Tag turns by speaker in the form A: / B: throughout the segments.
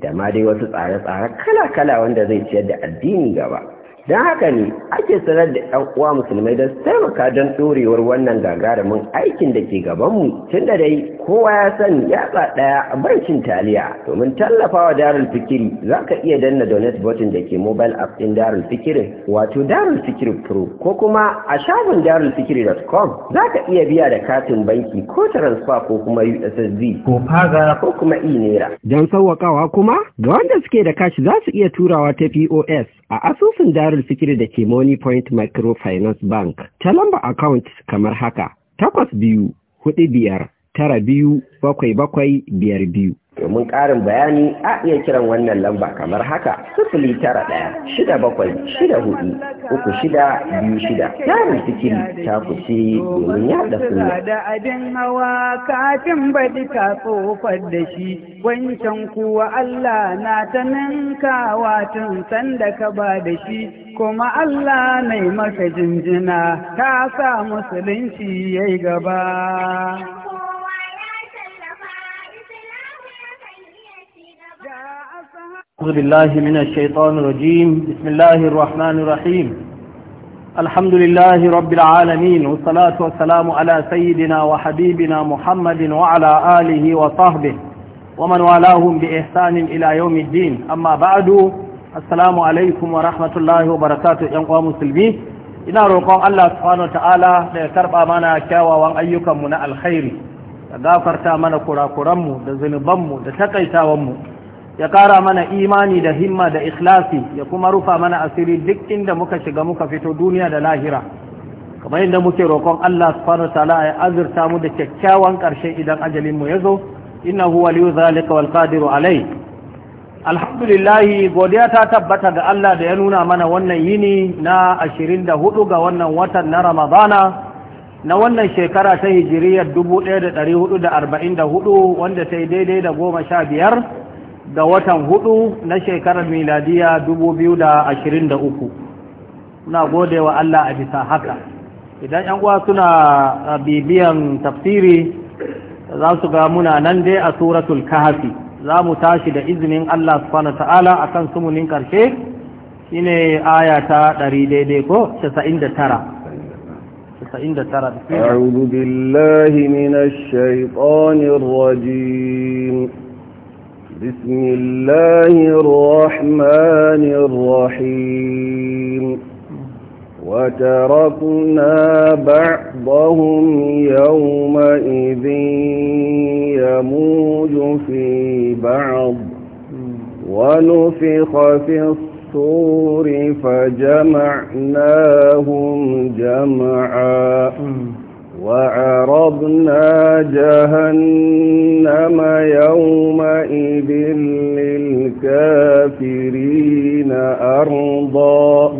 A: da ma dai wasu tsare-tsare kala-kala wanda zai ciyar da addini gaba don haka ne ake sanar da ɗan uwa musulmai don taimaka don ɗorewar wannan gagarumin aikin da ke gabanmu tun da dai kowa ya san yatsa ɗaya a bankin taliya domin tallafawa darul fikiri za ka iya danna donate button da ke mobile app din darul fikirin wato darul fikiri pro ko kuma a shafin darulfikiri.com za ka iya biya da katin banki ko transfer ko kuma ussd ko faga ko kuma e-naira don sauwaƙawa kuma ga wanda suke da kashi za su iya turawa ta pos a asusun darul fikiri da ke money point microfinance bank ta lamba account kamar haka takwas biyu hudu biyar tara biyu bakwai bakwai biyar biyu. Domin ƙarin bayani a iya kiran wannan lamba kamar haka sifili tara ɗaya shida bakwai shida hudu uku shida biyu shida yaron sikiri ta kusi domin yaɗa suna.
B: Da abin hawa kafin baɗi ka tsofar da shi wancan kuwa Allah na ta ninkawa tun sanda ka ba da shi kuma Allah mai maka jinjina ka sa musulunci yayi gaba. أعوذ بالله من الشيطان الرجيم بسم الله الرحمن الرحيم الحمد لله رب العالمين والصلاة والسلام على سيدنا وحبيبنا محمد وعلى آله وصحبه ومن والاهم بإحسان إلى يوم الدين أما بعد السلام عليكم ورحمة الله وبركاته ينقوى مسلمين ina roƙon Allah subhanahu wataala da ya karɓa mana من الخير na alkhairi da gafarta mana kurakuranmu da zunubanmu da takaitawanmu ya kara mana imani da himma da ikhlasi ya kuma rufa mana asiri duk inda muka shiga muka fito duniya da lahira kamar inda muke roƙon Allah subhanahu wa ta'ala ya azurta mu da kyakkyawan ƙarshe idan ajalin mu ya zo innahu waliyu zalika wal qadiru alai alhamdulillah godiya ta tabbata ga Allah da ya nuna mana wannan yini na 24 ga wannan watan na Ramadana na wannan shekara ta hijiriyar 1444 wanda ta yi daidai da goma sha biyar da watan hudu na shekarar miladiya 2023 muna gode wa Allah a bisa haka idan yan uwa suna bibiyan tafsiri za su ga muna nan dai a suratul kahfi za mu tashi da izinin Allah subhanahu ta'ala akan sumunin karshe shine aya ta 100 daidai ko 99 أعوذ
C: بالله من الشيطان الرجيم بسم الله الرحمن الرحيم وتركنا بعضهم يومئذ يموج في بعض ونفخ في الصور فجمعناهم جمعا وعرضنا جهنم يومئذ للكافرين أرضا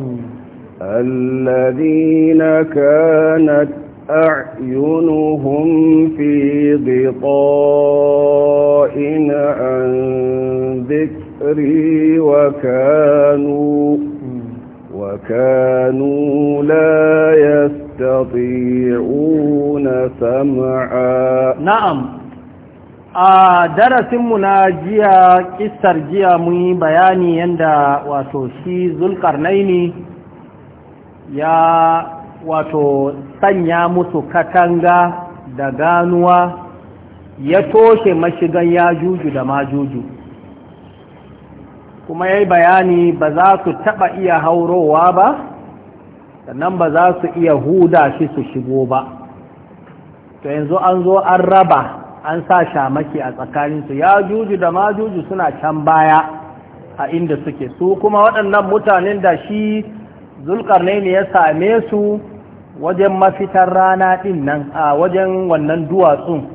C: الذين كانت أعينهم في غطاء عن ذكري وكانوا وكانوا لا يستطيعون يستطيعون Na'am.
B: A darasinmu na jiya kistar jiya mun yi bayani yadda wato shi zulkarnaini ya wato sanya musu katanga da ganuwa ya toshe mashigan ya juju da majuju kuma ya yi bayani ba za su taɓa iya haurowa ba sannan ba za su iya huda shi su shigo ba to yanzu an zo an raba an sa shamaki a tsakaninsu ya juju da ma juju suna can baya a inda suke su kuma waɗannan mutanen da shi zulkar ne ya same su wajen mafitar rana ɗin nan a wajen wannan duwatsun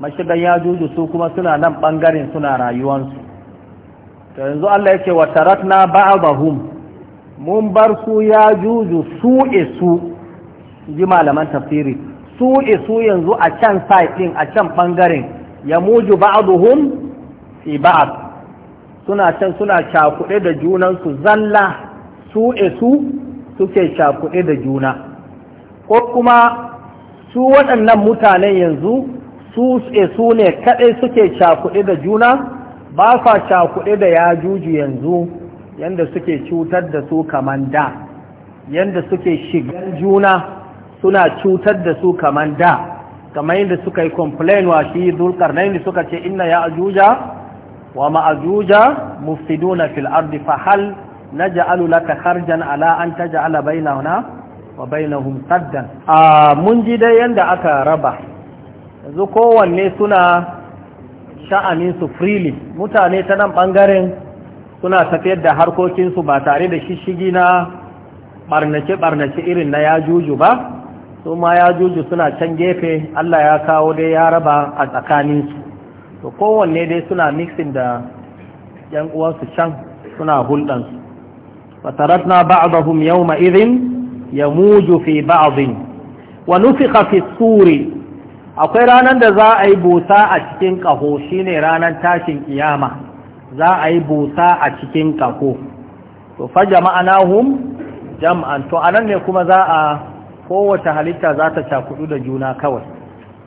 B: mashigan ya juju su kuma suna nan ɓangaren suna rayuwansu to yanzu Allah ya ce wa ratna ba'dahum mun bar su ya juju su ji malaman tafsiri su yanzu a can saifin a can bangaren ya muju ba'aduhum fi ba'ad suna can suna cakuɗe da junansu zalla su suke cakuɗe da juna ko kuma su waɗannan mutanen yanzu su su ne kaɗai suke cakuɗe da juna ba sa cakuɗe da ya juju yanzu yanda suke cutar da su kamar da yanda suke shigan juna suna cutar da su kaman da kamar yadda suka yi complain wa shi da suka ce inna ya ajuja wa ma'ajuja mufsiduna fil ardi fa hal naj'alu laka kharjan ala an taj'ala bainahuna wa bainahum saddan a mun ji dai yanda aka raba yanzu kowanne suna sha'anin su freely mutane ta nan bangaren suna tafiyar da harkokinsu ba tare da shishigi na ɓarnace-ɓarnace irin na ya juju ba su ma ya juju suna can gefe Allah ya kawo dai ya raba a tsakaninsu to kowanne dai suna mixin da yan uwansu can suna hulɗansu fataratna yau yawma idhin yamuju fi ba'dhin wa nufikha fi suri akwai ranar da za a yi busa a cikin ƙaho shine ranar tashin ƙiyama za a yi busa a cikin kako to fa jama'anahum jam'an to anan ne kuma za a kowace halitta za ta cakudu da juna kawai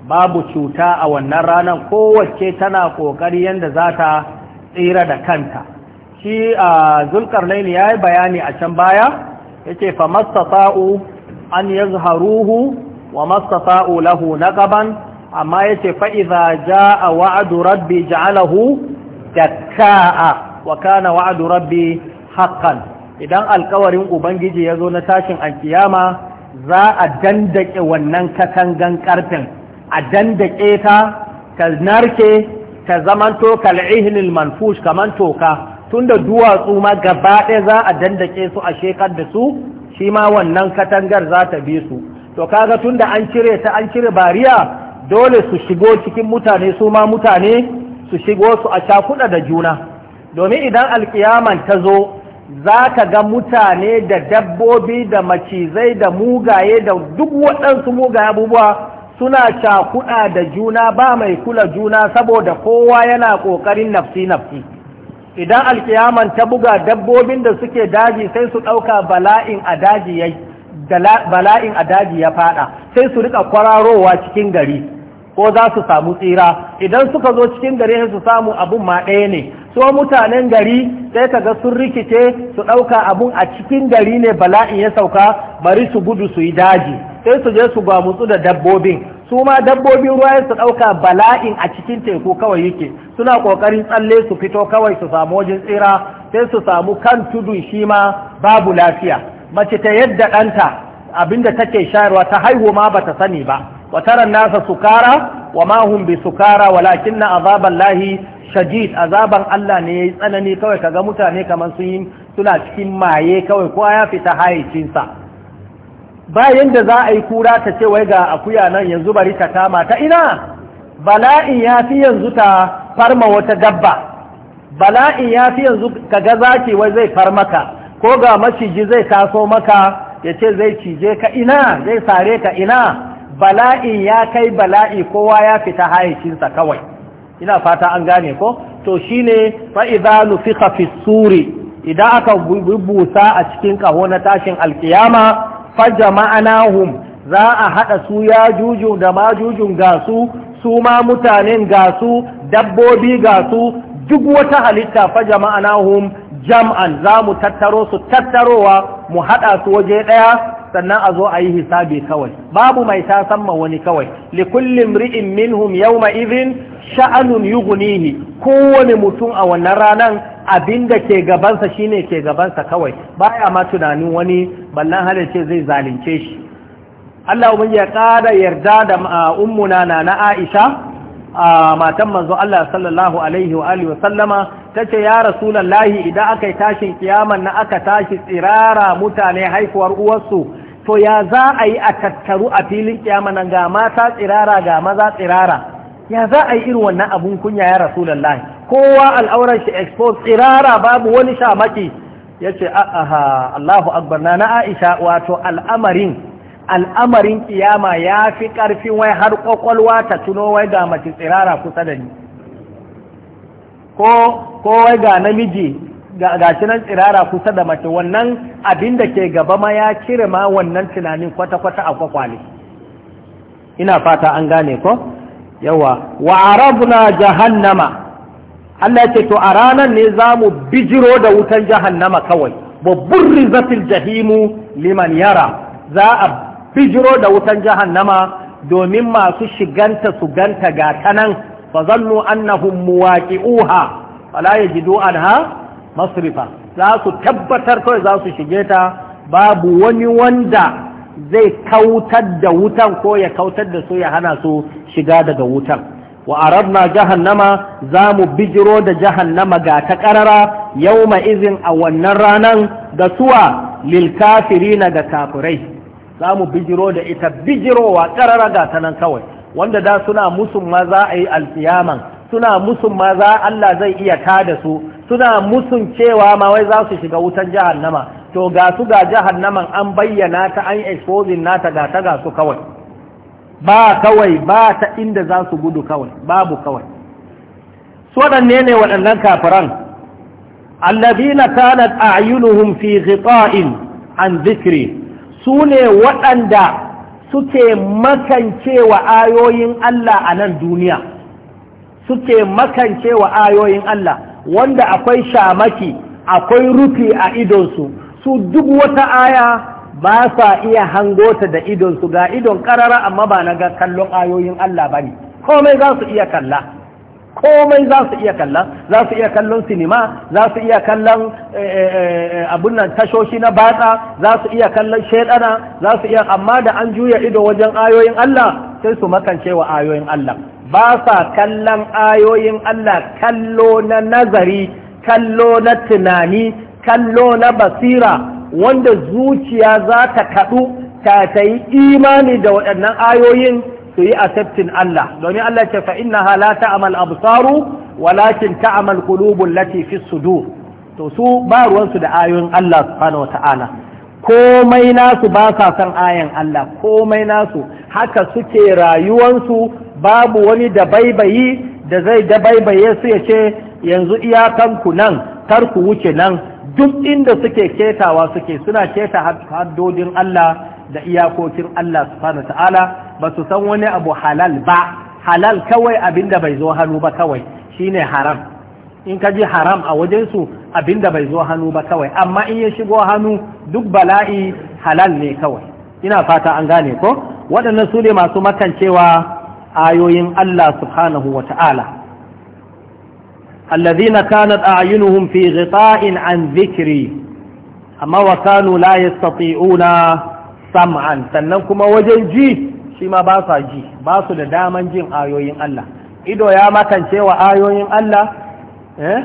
B: babu cuta a wannan ranar kowace tana kokari yadda za ta tsira da kanta shi a zulkarnaini ya yi bayani a can baya ya ce fa mastata'u an yazharuhu wa mastata'u lahu na naqaban amma ya ce fa idza jaa wa'du rabbi ja'alahu dakka'a wa kana wa'adu rabbi haqqan idan alkawarin ubangiji yazo na tashin alkiyama za a dandake wannan katangan karfin a dandake ta ta narke ta zamanto man manfush kaman toka tunda duwatsu ma gaba ɗaya za a dandake su a shekar da su shi ma wannan katangar za ta bi su to kaga tunda an cire ta an cire bariya dole su shigo cikin mutane su ma mutane su shigo su a cakuɗa da juna domin idan alkiyaman ta zo za ka ga mutane da dabbobi da macizai da mugaye da duk waɗansu mugaye abubuwa suna cakuɗa da juna ba mai kula juna saboda kowa yana ƙoƙarin nafsi-nafsi idan alkiyaman ta buga dabbobin da suke daji sai su ɗauka bala'in a daji ya faɗa fada sai su riƙa kwararowa cikin gari ko za su samu tsira idan suka zo cikin gari su samu abun ma ɗaya ne so mutanen gari sai ka ga sun rikice su ɗauka abun a cikin gari ne bala'in ya sauka bari su gudu su yi daji sai su je su gwamutsu da dabbobin su ma dabbobin ruwa su ɗauka bala'in a cikin teku kawai yake suna ƙoƙarin tsalle su fito kawai su samu wajen tsira sai su samu kan tudun shi ma babu lafiya mace ta yadda ɗanta abinda take shayarwa ta haihu ma bata sani ba wa taran nasa sukara wa ma hum bi sukara walakinna azaban lahi shadid azaban Allah ne yayi tsanani kawai kaga mutane kaman sun yi suna cikin maye kawai kowa ya fita hayicinsa sa bayan da za a yi kura ta ce wai ga akuya nan yanzu bari ta kama ta ina bala'in ya fi yanzu ta farma wata dabba bala'in ya fi yanzu kaga zaki wai zai farmaka ko ga maciji zai taso maka ya ce zai cije ka ina zai sare ka ina bala'in ya kai bala'i kowa ya fita hayyacinsa kawai ina fata an gane ko to shine ne idza fi suri idan aka bubusa a cikin kaho na tashin alkiyama fa jama'anahum za a haɗa su ya juju da ma jujun ga su su ma mutanen ga su dabbobi ga su duk wata halitta fa jama'anahum jam'an za mu tattaro su tattarowa mu haɗa su waje ɗaya. sannan a zo a yi hisabi kawai babu mai ta ma wani kawai li kullum ri'in minhum yawma idhin sha'anun yughnihi kowane mutum a wannan ranan abinda ke gabansa shine ke gabansa kawai baya ma tunanin wani ballan ce zai zalunce shi Allah ubangi ya kada yarda da ah, ummuna na na Aisha matan manzo Allah sallallahu alaihi wa alihi wa sallama tace ya rasulullahi idan aka tashin kiyaman na aka tashi tsirara mutane haifuwar uwarsu to ya za a yi a tattaru a filin kiyama nan ga mata tsirara ga maza tsirara ya za a yi irin wannan abun kunya ya rasulullahi kowa al'aurar shi expose tsirara babu wani shamaki yace a'a Allahu akbar na na Aisha wato al'amarin al'amarin kiyama ya fi ƙarfin wai har ƙwaƙwalwa ta tuno wai ga mace tsirara kusa da ni ko wai ga namiji ga cinan nan tsirara kusa da mace wannan abin da ke gaba ma ya cire ma wannan tunanin kwata-kwata a ƙwaƙwale ina fata an gane ko yawa wa arabna jahannama Allah ce to a ranar ne za mu bijiro da wutan jahannama kawai babbar rizatil jahimu liman yara za a bijiro da wutan jahannama domin masu shiganta su ganta ga tanan fa zannu annahum muwaqi'uha fala yajidu anha masrifa za su tabbatar kawai za su shige ta babu wani wanda zai kautar da wutan ko ya kautar da su ya hana su shiga daga wutan wa aradna jahannama za mu bijiro da jahannama ga ta ƙarara yau izin a wannan ranan ga suwa lil na da kafirai za mu bijiro da ita bijirowa ƙarara ga ta nan kawai wanda da suna musun ma za a yi alfiyaman, suna musun ma za Allah zai iya ta da su suna musun cewa ma wai za su shiga wutan jahannama to ga su ga jahannaman an bayyana ta an exposing nata ga ta ga su kawai ba kawai ba ta inda za su gudu kawai babu kawai su waɗanne ne waɗannan kafiran allazina kanat a'yunuhum fi ghita'in an dhikri su ne waɗanda suke makancewa ayoyin Allah a nan duniya suke makancewa ayoyin Allah wanda akwai shamaki akwai rufi a idonsu su duk wata aya ba sa iya hango ta da idonsu ga idon karara amma ba na ga kallon ayoyin Allah ba ne komai za su iya kalla komai za su iya kalla za su iya kallon sinima za su iya kallon eh, eh, eh, abun nan tashoshi na batsa za su iya kallon shaidana za su iya amma da an juya ido wajen ayoyin Allah sai su makance wa ayoyin Allah ba sa kallon ayoyin Allah kallo na nazari kallo na tunani kallo na basira wanda zuciya za ta kaɗu ta ta yi imani da waɗannan ayoyin su yi accepting Allah domin Allah ce fa innaha la ta'mal absaru walakin ta qulubul lati fi du. to su ba ruwansu da ayoyin Allah subhanahu wata'ala komai nasu ba sa san ayan Allah komai nasu haka suke rayuwansu babu wani da baibayi da zai da baibaye su ya ce yanzu iyakanku nan tarku wuce nan duk inda suke ketawa suke suna keta haddodin Allah da iyakokin Allah subhanahu ta'ala ba su san wani abu halal ba halal kawai abinda bai zo hannu ba kawai shine haram in ka ji haram a wajensu abinda bai zo hannu ba kawai amma in ya shigo hannu duk bala'i halal ne kawai ina fata an gane ko waɗannan su ne masu makancewa ayoyin Allah subhanahu wa ta'ala الذين كانت أعينهم في غطاء عن ذكري أما وكانوا لا sam'an sannan kuma wajen ji. shi ma ba sa ji ba su da daman jin ayoyin Allah ido ya makance wa ayoyin Allah eh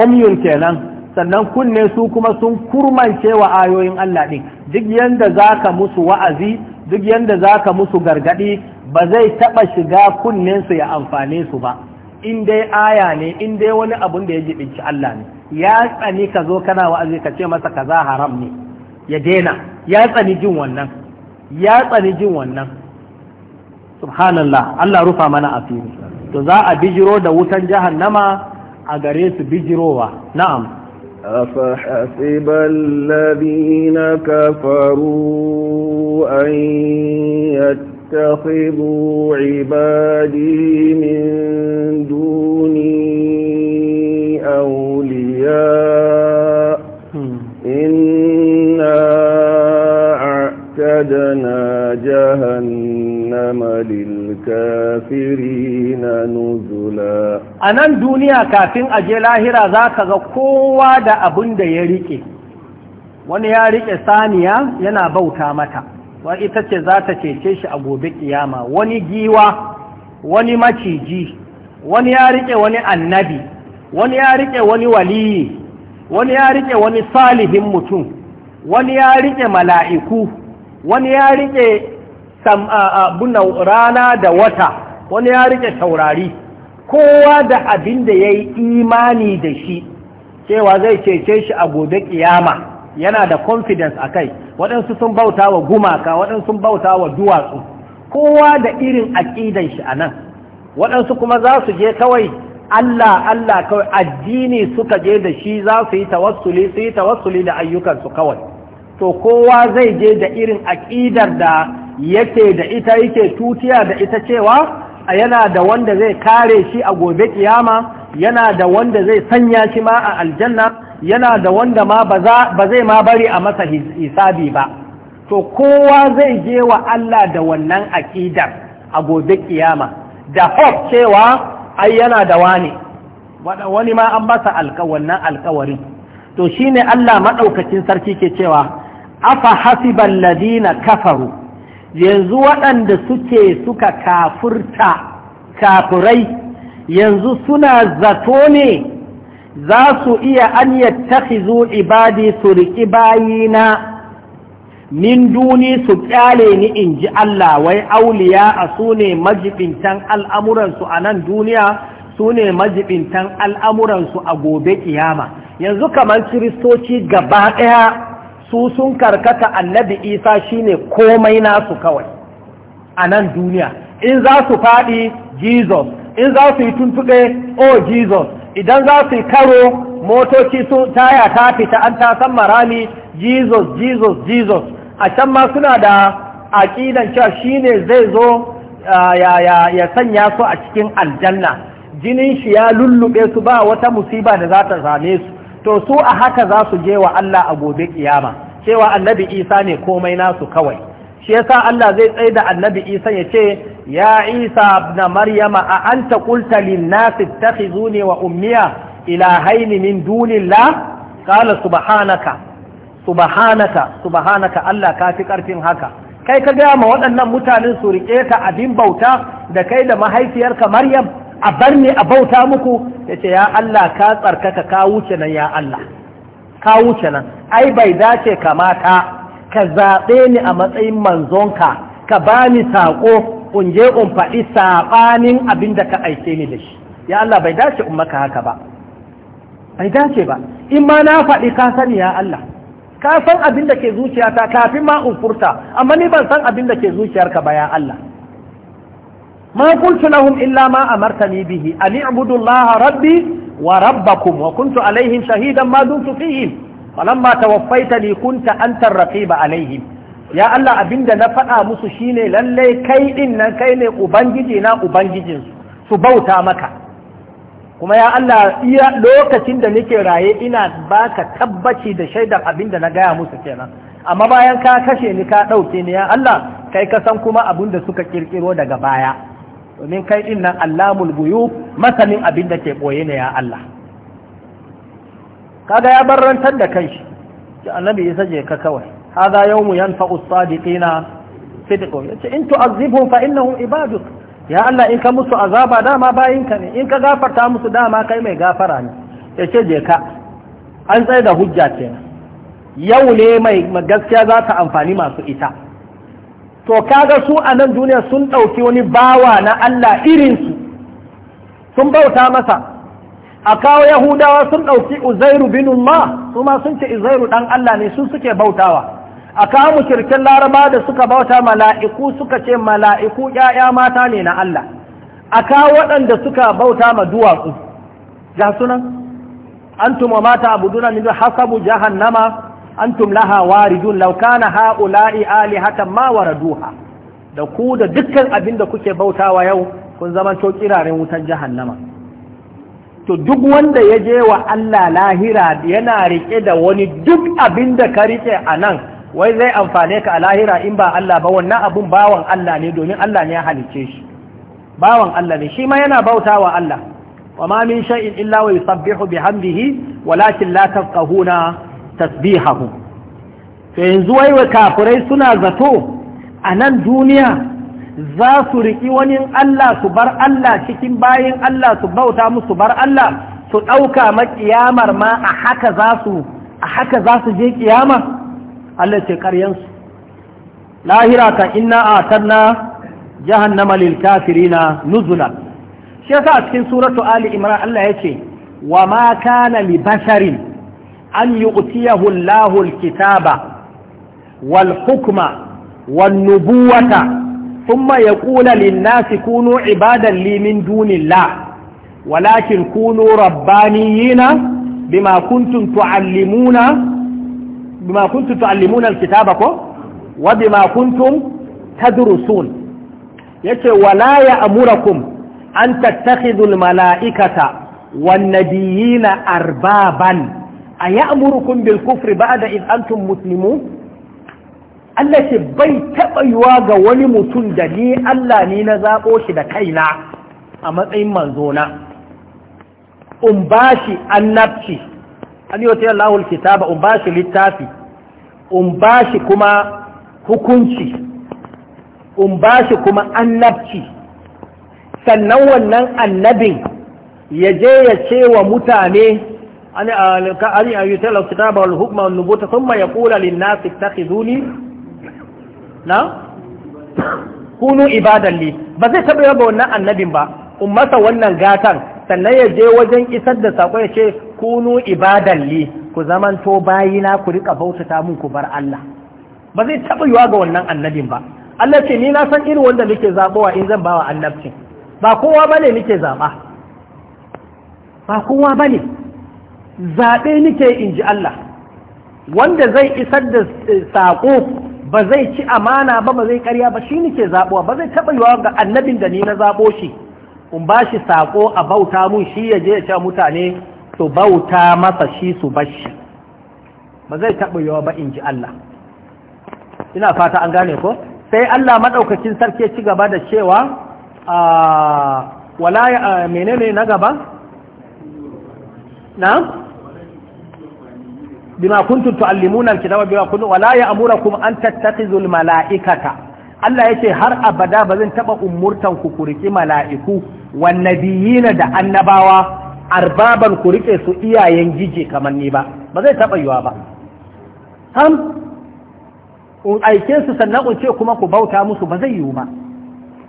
B: umyun kenan sannan kunne su kuma sun kurmance wa ayoyin Allah din duk yanda zaka musu wa'azi duk yanda zaka musu gargadi ba zai taba shiga kunnen su ya amfane su ba in dai aya ne in dai wani abun da ya jibinci Allah ne ya tsani ka zo kana wa'azi ka ce masa kaza haram ne ya daina ya tsani jin wannan ya tsani jin wannan subhanallah Allah rufa mana asiri to za a bijiro da wutan jahannama a gare su bijirowa na'am
C: أفحسب الذين كفروا أن يتخذوا عبادي من دوني أولياء إنا أعتدنا جهنم جهنم للكافرين نزلا
B: أنا دنيا lahira zaka ga kowa da abin da ya riƙe. wani ya riƙe saniya yana bauta mata wa ita ce za ta cece shi a gobe kiyama wani giwa wani maciji wani ya riƙe wani annabi wani ya riƙe wani waliyi wani ya riƙe wani salihin mutum wani ya riƙe mala'iku wani ya riƙe rana da wata wani ya rike taurari kowa da abin da ya imani da shi cewa zai cece shi a gobe kiyama yana da confidence a kai waɗansu sun bauta wa gumaka waɗansu sun bauta wa duwatsu kowa da irin aƙidan shi a nan waɗansu kuma za su je kawai Allah Allah kawai addini suka je da shi za su yi tawassuli su yi tawassuli da ayyukansu kawai to kowa zai je da irin aƙidar da yake da ita yake tutiya da ita cewa yana da wanda zai kare shi a gobe kiyama yana da wanda zai sanya shi ma a aljanna yana da wanda ma ba zai ma bari a masa hisabi ba to kowa zai je wa Allah da wannan aƙidar a gobe kiyama da hope cewa ai yana da wani wani ma an masa nan alkawarin to shine Allah maɗaukacin sarki ke cewa afa hasiban ladina kafaru yanzu waɗanda suke suka kafurta kafurai yanzu suna zato ne za su iya an zo ibadi su riƙi bayina min duni su ƙyale ni in ji Allah wai auliya a su ne majibintan al'amuransu a nan duniya su ne majibintan al'amuransu a gobe ƙiyama yanzu kamar kiristoci gaba ɗaya su sun karkata annabi isa shine komai nasu kawai a nan duniya in za su faɗi jesus in za su yi tuntuɓe O oh jesus idan za su yi karo motoci sun taya ta fita an ta san marami jesus jesus jesus a can ma suna da aƙidan cewa shine zai zo ya sanya su a cikin aljanna jinin shi ya lullube su ba wata musiba da za ta same su to su a haka za su je wa Allah a gobe kiyama cewa annabi isa ne komai nasu kawai shi yasa Allah zai tsaye da annabi isa ya ce ya isa na maryama a anta qulta lin nas ittakhizuni wa ummiya ilahaini min dunillah qala subhanaka subhanaka subhanaka Allah ka fi karfin haka kai ka ga ma waɗannan mutanen su rike ka abin bauta da kai da mahaifiyarka maryam a bar ne a bauta muku ce ya Allah ka tsarkaka ka wuce nan ya Allah ka wuce nan ai bai dace kamata ka zaɓe ni a matsayin manzonka ka ba ni saƙo in je in faɗi saɓanin abin da ka aike ni da shi ya Allah bai dace in maka haka ba bai dace ba in ma na faɗi ka sani ya Allah ka san abin da ke zuciyata kafin ma in furta amma ni ban san abin da ke zuciyarka ba ya Allah ma qultu lahum illa ma amartani bihi an i'budu Allah rabbi wa rabbakum wa kuntu alaihim shahidan ma dumtu fihim falamma tawaffaitani kunta antar raqiba alaihim ya Allah abinda na faɗa musu shine lalle kai din nan kai ne ubangiji na ubangijin su bauta maka kuma ya Allah iya lokacin da nake raye ina baka tabbaci da shaidar abinda na gaya musu kenan amma bayan ka kashe ni ka ɗauke ni ya Allah kai ka san kuma abin da suka kirkiro daga baya domin kai din nan allamul buyu masanin abin da ke boye ne ya Allah kaga ya barrantar da kai ki annabi ya saje ka kawai hada yawmu yanfa'u sadiqina sidqu yace in tu'azzibhum fa innahum ibaduk ya Allah in ka musu azaba dama ka ne in ka gafarta musu dama kai mai gafara ne yace je ka an tsaye da hujja kenan yau ne mai gaskiya za ta amfani masu ita to kaga su a nan duniya sun ɗauki wani bawa na Allah irinsu sun bauta masa a kawo yahudawa sun ɗauki uzairu bin ma su ma sun ce uzairu ɗan Allah ne su suke bautawa a kawo mushrikin laraba da suka bauta mala'iku suka ce mala'iku ƴaƴa mata ne na Allah a kawo waɗanda suka bauta ma duwatsu ga sunan antum wa mata abuduna min hasabu jahannama antum laha waridun law kana haula'i alihatan ma waraduha da ku da dukkan abin da kuke bautawa yau kun zama to kiraren wutar jahannama to duk wanda ya je wa Allah lahira yana rike da wani duk abin da ka rike anan, wai zai amfane ka a lahira in ba Allah ba wannan abun bawan Allah ne domin Allah ne ya halice shi bawan Allah ne shi ma yana bautawa Allah wa ma min shay'in illa wa yusabbihu bihamdihi walakin la tafqahuna tasbihahu to yanzu wai wa kafirai suna zato a nan duniya za su riƙi wani Allah su bar Allah cikin bayin Allah su bauta musu bar Allah su ɗauka maƙiyamar ma a haka za su a haka za su je ƙiyama Allah ce ƙaryansu lahira ka inna a tanna jahannama lil kafirina nuzula shi yasa a cikin suratu ali imran Allah yace wa ma kana li basharin an yu'tiyahu Allahu al-kitaba wal hukma wan nubuwata kuma ya lin linnasi kunu ibadan li min dunillah walakin kunu rabbaniyina bima kuntum tu'allimuna al-kitaba ko wa bima kuntum tadrusun yace wala ya ya'murukum an tattakhidhu malaikata wan nabiyina arbaban a ya'murukum bil kufri ba'da id antum muslimun Allah ce bai taɓa yiwa ga wani mutum da ni Allah ne na zaɓo shi da kaina a matsayin manzona in ba shi annabci an yi wata kitaba in ba shi littafi in ba shi kuma hukunci in ba shi kuma annabci sannan wannan annabin ya je ya ce wa mutane Ani أن أن يتلى الكتاب والحكم والنبوة ثم يقول للناس اتخذوني نعم kunu ibadan li ba zai taɓa ga wannan annabin ba ummasa wannan gatan sannan ya je wajen isar da sako ya ce kunu ibadan li ku zaman to bayina ku rika bautata mun ku bar Allah ba zai taɓa yiwa ga wannan annabin ba Allah ce ni na san irin wanda nake zabowa in zan bawa annabci ba kowa bane nake zaba ba kowa bane zaɓe nike in ji Allah wanda zai isar da eh, saƙo ba zai ci amana ba ba zai karya ba shi nike zaɓuwa ba zai taɓa yiwa ga annabin da ni na zaɓo shi in ba shi saƙo a bauta mun shi ya je ya ce mutane su bauta masa shi su bashi ba zai taɓa yiwa ba in ji Allah ina fata an gane ko sai Allah maɗaukakin sarki ci gaba da cewa a wala menene na gaba na bima kuntum tuallimuna alkitaba bima kuntum amura ya'murukum an tattakhidhu mala'ikata. Allah yace har abada ba zan taba umurtan ku ku mala'iku wan nabiyina da annabawa arbaban ku rike su iyayen gije kamar ni ba ba zai taɓa yiwa ba ham in aike su sannan in ce kuma ku bauta musu ba zai yiwu ba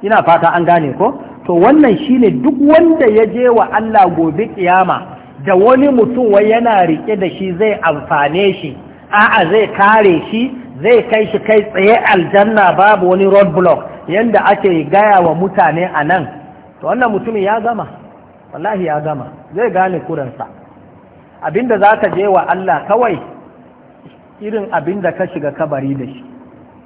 B: ina fata an gane ko to wannan shine duk wanda ya je wa Allah gobe ƙiyama da wani mutum wai yana rike da shi zai amfane shi a'a zai kare shi zai kai shi kai tsaye aljanna babu wani roadblock yanda ake gaya wa mutane a nan to wannan mutumin ya gama wallahi ya gama zai gane kuransa abinda za ka je wa Allah kawai irin abinda ka shiga kabari da shi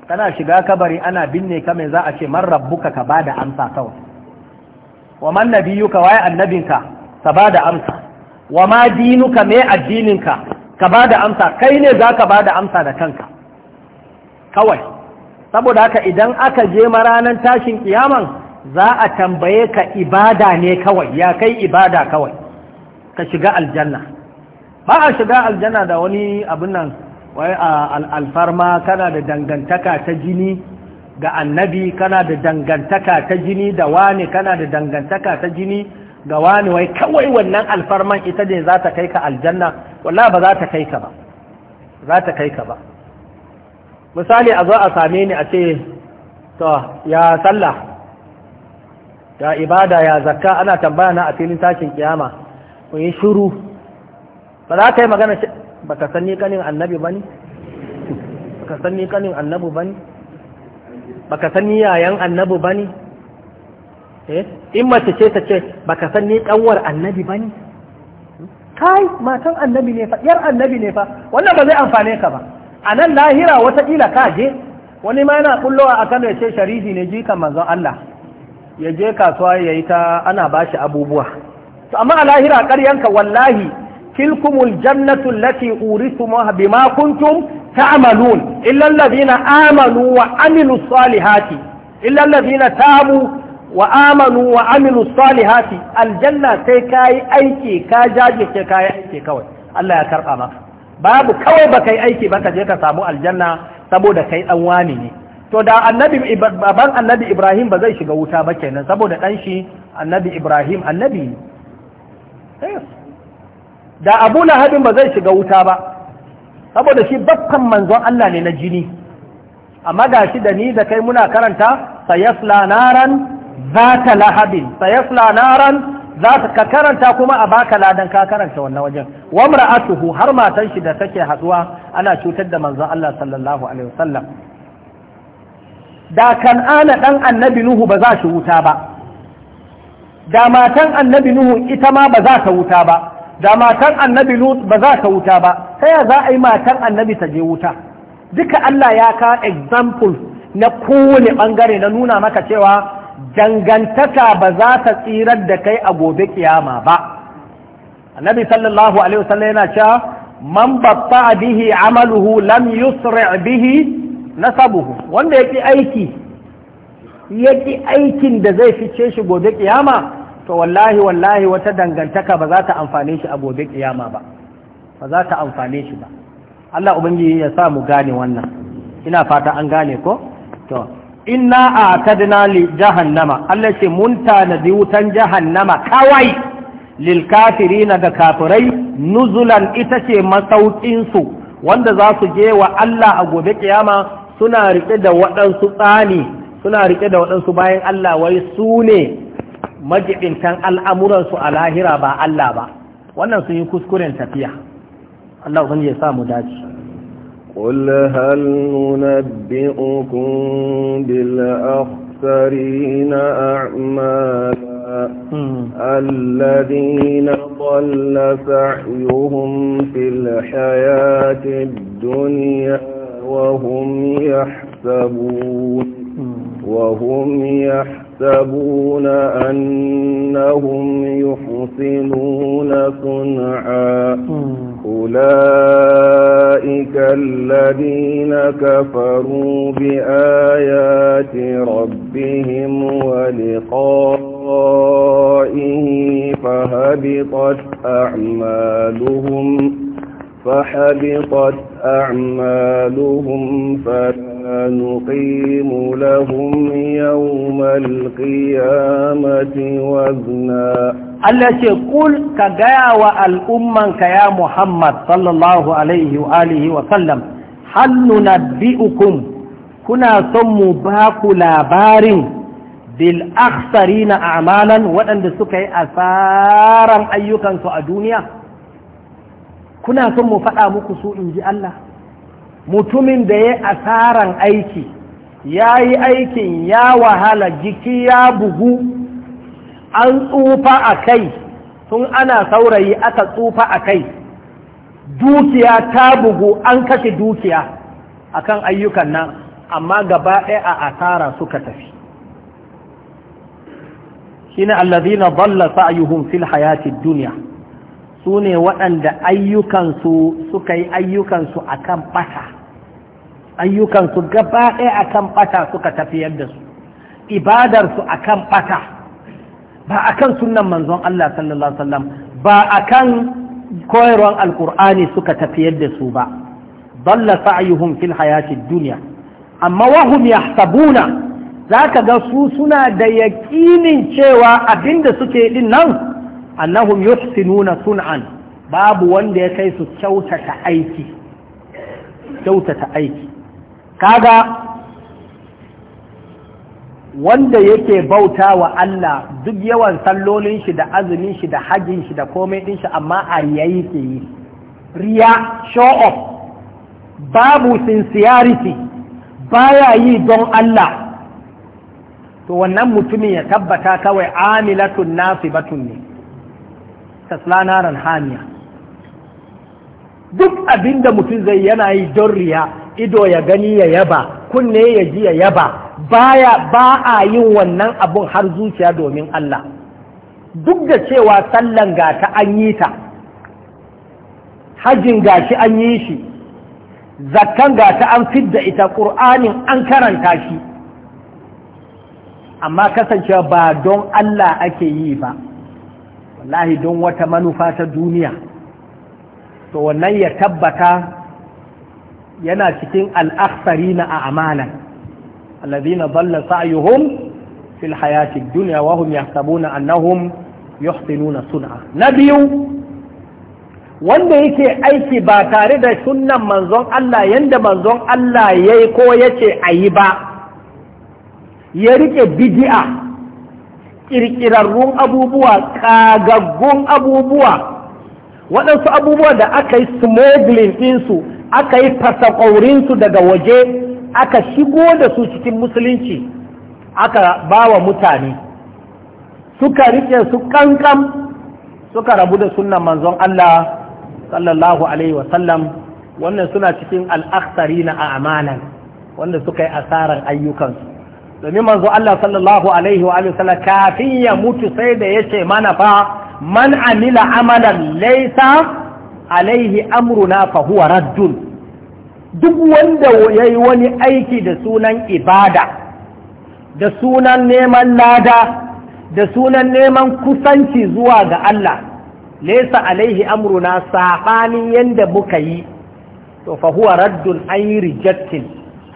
B: kana shiga kabari ana binne ka mai za a ce man rabbuka ka ba da amsa kawai wa man nabiyuka waye annabinka ka ba da amsa wa ma dinuka me addininka ka ba da amsa kai ne za ka ba da amsa da kanka kawai saboda haka idan aka je maranan tashin kiyaman za a tambaye ka ibada ne kawai ya kai ibada kawai ka shiga aljanna ba a shiga aljanna da wani abin nan wai alfarma kana da dangantaka ta jini ga annabi kana da dangantaka ta jini da wani kana da dangantaka ta jini ga wani wai kawai wannan alfarman ita ne za ta kai ka aljanna Wala ba za ta kai ka ba za ta kai ka ba misali a zo a same ni a ce to ya sallah ya ibada ya zakka ana tambaya na a filin tashin kiyama ku yi shiru ba za ka yi magana baka san ni kanin annabi ba bane baka san ni kanin annabi bane baka san ni yayan annabi bane Eh? in mace ce ta ce baka san ni kanwar annabi ba ne kai matan annabi ne fa yar annabi ne fa wannan ba zai amfane ka ba a nan lahira wata kila ka je wani ma yana kullowa a kano ya ce sharidi ne jikan manzon Allah ya je kasuwa ya yi ta ana ba shi abubuwa to amma a lahira ka wallahi tilkumul jannatu lati urithumaha bima kuntum ta'malun illa alladhina amanu wa amilu salihati illa alladhina tabu wa amanu wa amilu salihati aljanna sai kayi aiki ka jajirce kayi aiki kawai Allah ya karba maka babu kawai baka yi aiki ba ka je ka samu aljanna saboda kai dan wani ne to da annabi baban annabi Ibrahim ba zai shiga wuta ba kenan saboda dan shi annabi Ibrahim annabi da Abu Lahabin ba zai shiga wuta ba saboda shi bakkan manzon Allah ne na jini amma gashi da ni da kai muna karanta sayasla naran zata lahabin sayasla naran za ka karanta kuma a baka ladan ka karanta wannan wajen wa mar'atuhu har matan shi da take haduwa ana cutar da manzon Allah sallallahu alaihi wasallam da kan ana dan annabi nuhu ba za shi wuta ba da matan annabi nuhu ita ma ba za ta wuta ba da matan annabi lut ba za ta wuta ba sai ya za a yi matan annabi ta je wuta duka Allah ya ka example na kowane bangare na nuna maka cewa dangantaka ba za ta tsirar da kai a gobe kiyama ba annabi sallallahu alaihi wasallam yana cewa man batta bihi amaluhu lam yusri bihi nasabuhu wanda yaki aiki yaki aikin da zai fice shi gobe kiyama to wallahi wallahi wata dangantaka ba za ta amfane shi a gobe kiyama ba ba za ta amfane shi ba Allah ubangiji ya sa mu gane wannan ina fata an gane ko to inna a tadna li jahannama Allah ce mun tanadi wutan jahannama kawai lil na da kafirai nuzulan ita ce masaukinsu wanda za su je wa Allah a gobe kiyama suna riƙe da waɗansu tsani suna rike da waɗansu bayan Allah wai su ne majibintan al'amuransu a lahira ba Allah ba wannan sun yi kuskuren tafiya Allah ya sa mu dace
C: قل هل ننبئكم بالأخسرين أعمالا hmm. الذين ضل سعيهم في الحياة الدنيا وهم يحسبون وهم يحسبون أنهم يحسنون صنعا أولئك الذين كفروا بآيات ربهم ولقائه فهبطت أعمالهم فحبطت أعمالهم فلا نقيم لهم يوم القيامة وزنا
B: Allah ce kul ka gaya wa al'ummanka ya Muhammad sallallahu alaihi wa wa sallam hannu na bi'ukum kuna son mu ba ku labarin bil aksari na amalan waɗanda suka yi asaran ayyukansu a duniya kuna son mu faɗa muku su in ji Allah mutumin da ya asaran aiki ya yi aikin ya wahala jiki ya bugu an tsufa a kai tun ana saurayi aka tsufa a kai dukiya ta bugu an kashe dukiya akan ayyukan nan amma gaba ɗaya a asara suka tafi shine allazina balla sa'ayuhun fil hayati duniya su ne waɗanda ayyukansu suka yi ayyukansu akan ɓata. ayyukansu gaba ɗaya akan ɓata suka tafiyar da su ibadarsu akan ɓata ba akan sunan manzon Allah sallallahu alaihi wasallam ba akan koyarwan alkur'ani suka tafiyar da su ba dalla sa'yuhum fil hayatid duniya. amma wahum yahsabuna zaka ga su suna da yaƙinin cewa abinda suke din nan annahum yuhsinuna sun'an babu wanda ya kai su kyautata aiki kyautata aiki kaga wanda yake bauta wa Allah duk yawan sallolin shi da azumin shi da hajjin shi da komai din shi amma a yayi ke yi riya show off babu sincerity baya yi don Allah to wannan mutumin ya tabbata kawai amilatun nasibatun ne tasla naran hamiya duk abinda mutum zai yana yi don riya ido ya gani ya yaba kunne ya ji ya yaba baya ba a yin wannan abun har zuciya domin Allah duk da cewa sallan ga ta an yi ta hajjin gashi an yi shi zakkan ga ta an fidda ita ƙur'anin an karanta shi amma kasancewa ba don Allah ake yi ba wallahi don wata manufa ta duniya to wannan ya tabbata yana cikin al'aksari na a amalan allazina sa'yuhum fil hayati dunya wa hum annahum yuhsinuna sun'a na biyu wanda yake aiki ba tare da sunnan manzon Allah yanda manzon Allah yayi ko yace ayi ba ya rike bidi'a, kirkirarrun abubuwa kagaggun abubuwa waɗansu abubuwa da aka yi smuggling ɗinsu aka yi fasakaurinsu daga waje aka shigo da su cikin musulunci aka ba wa mutane suka riƙe su kankan suka rabu da sunan manzon Allah sallallahu alaihi wasallam wannan suna cikin al'aktari na amanan wanda suka yi asarar ayyukansu domin manzo Allah sallallahu alaihi wa sallam kafin ya mutu sai da yace mana fa man amila amalan laisa alaihi amruna fa huwa raddun duk wanda yayi wani aiki da sunan ibada da sunan neman lada da sunan neman kusanci zuwa ga Allah laysa alaihi amruna sabanin yanda muka yi to fa huwa raddun an yi rejectin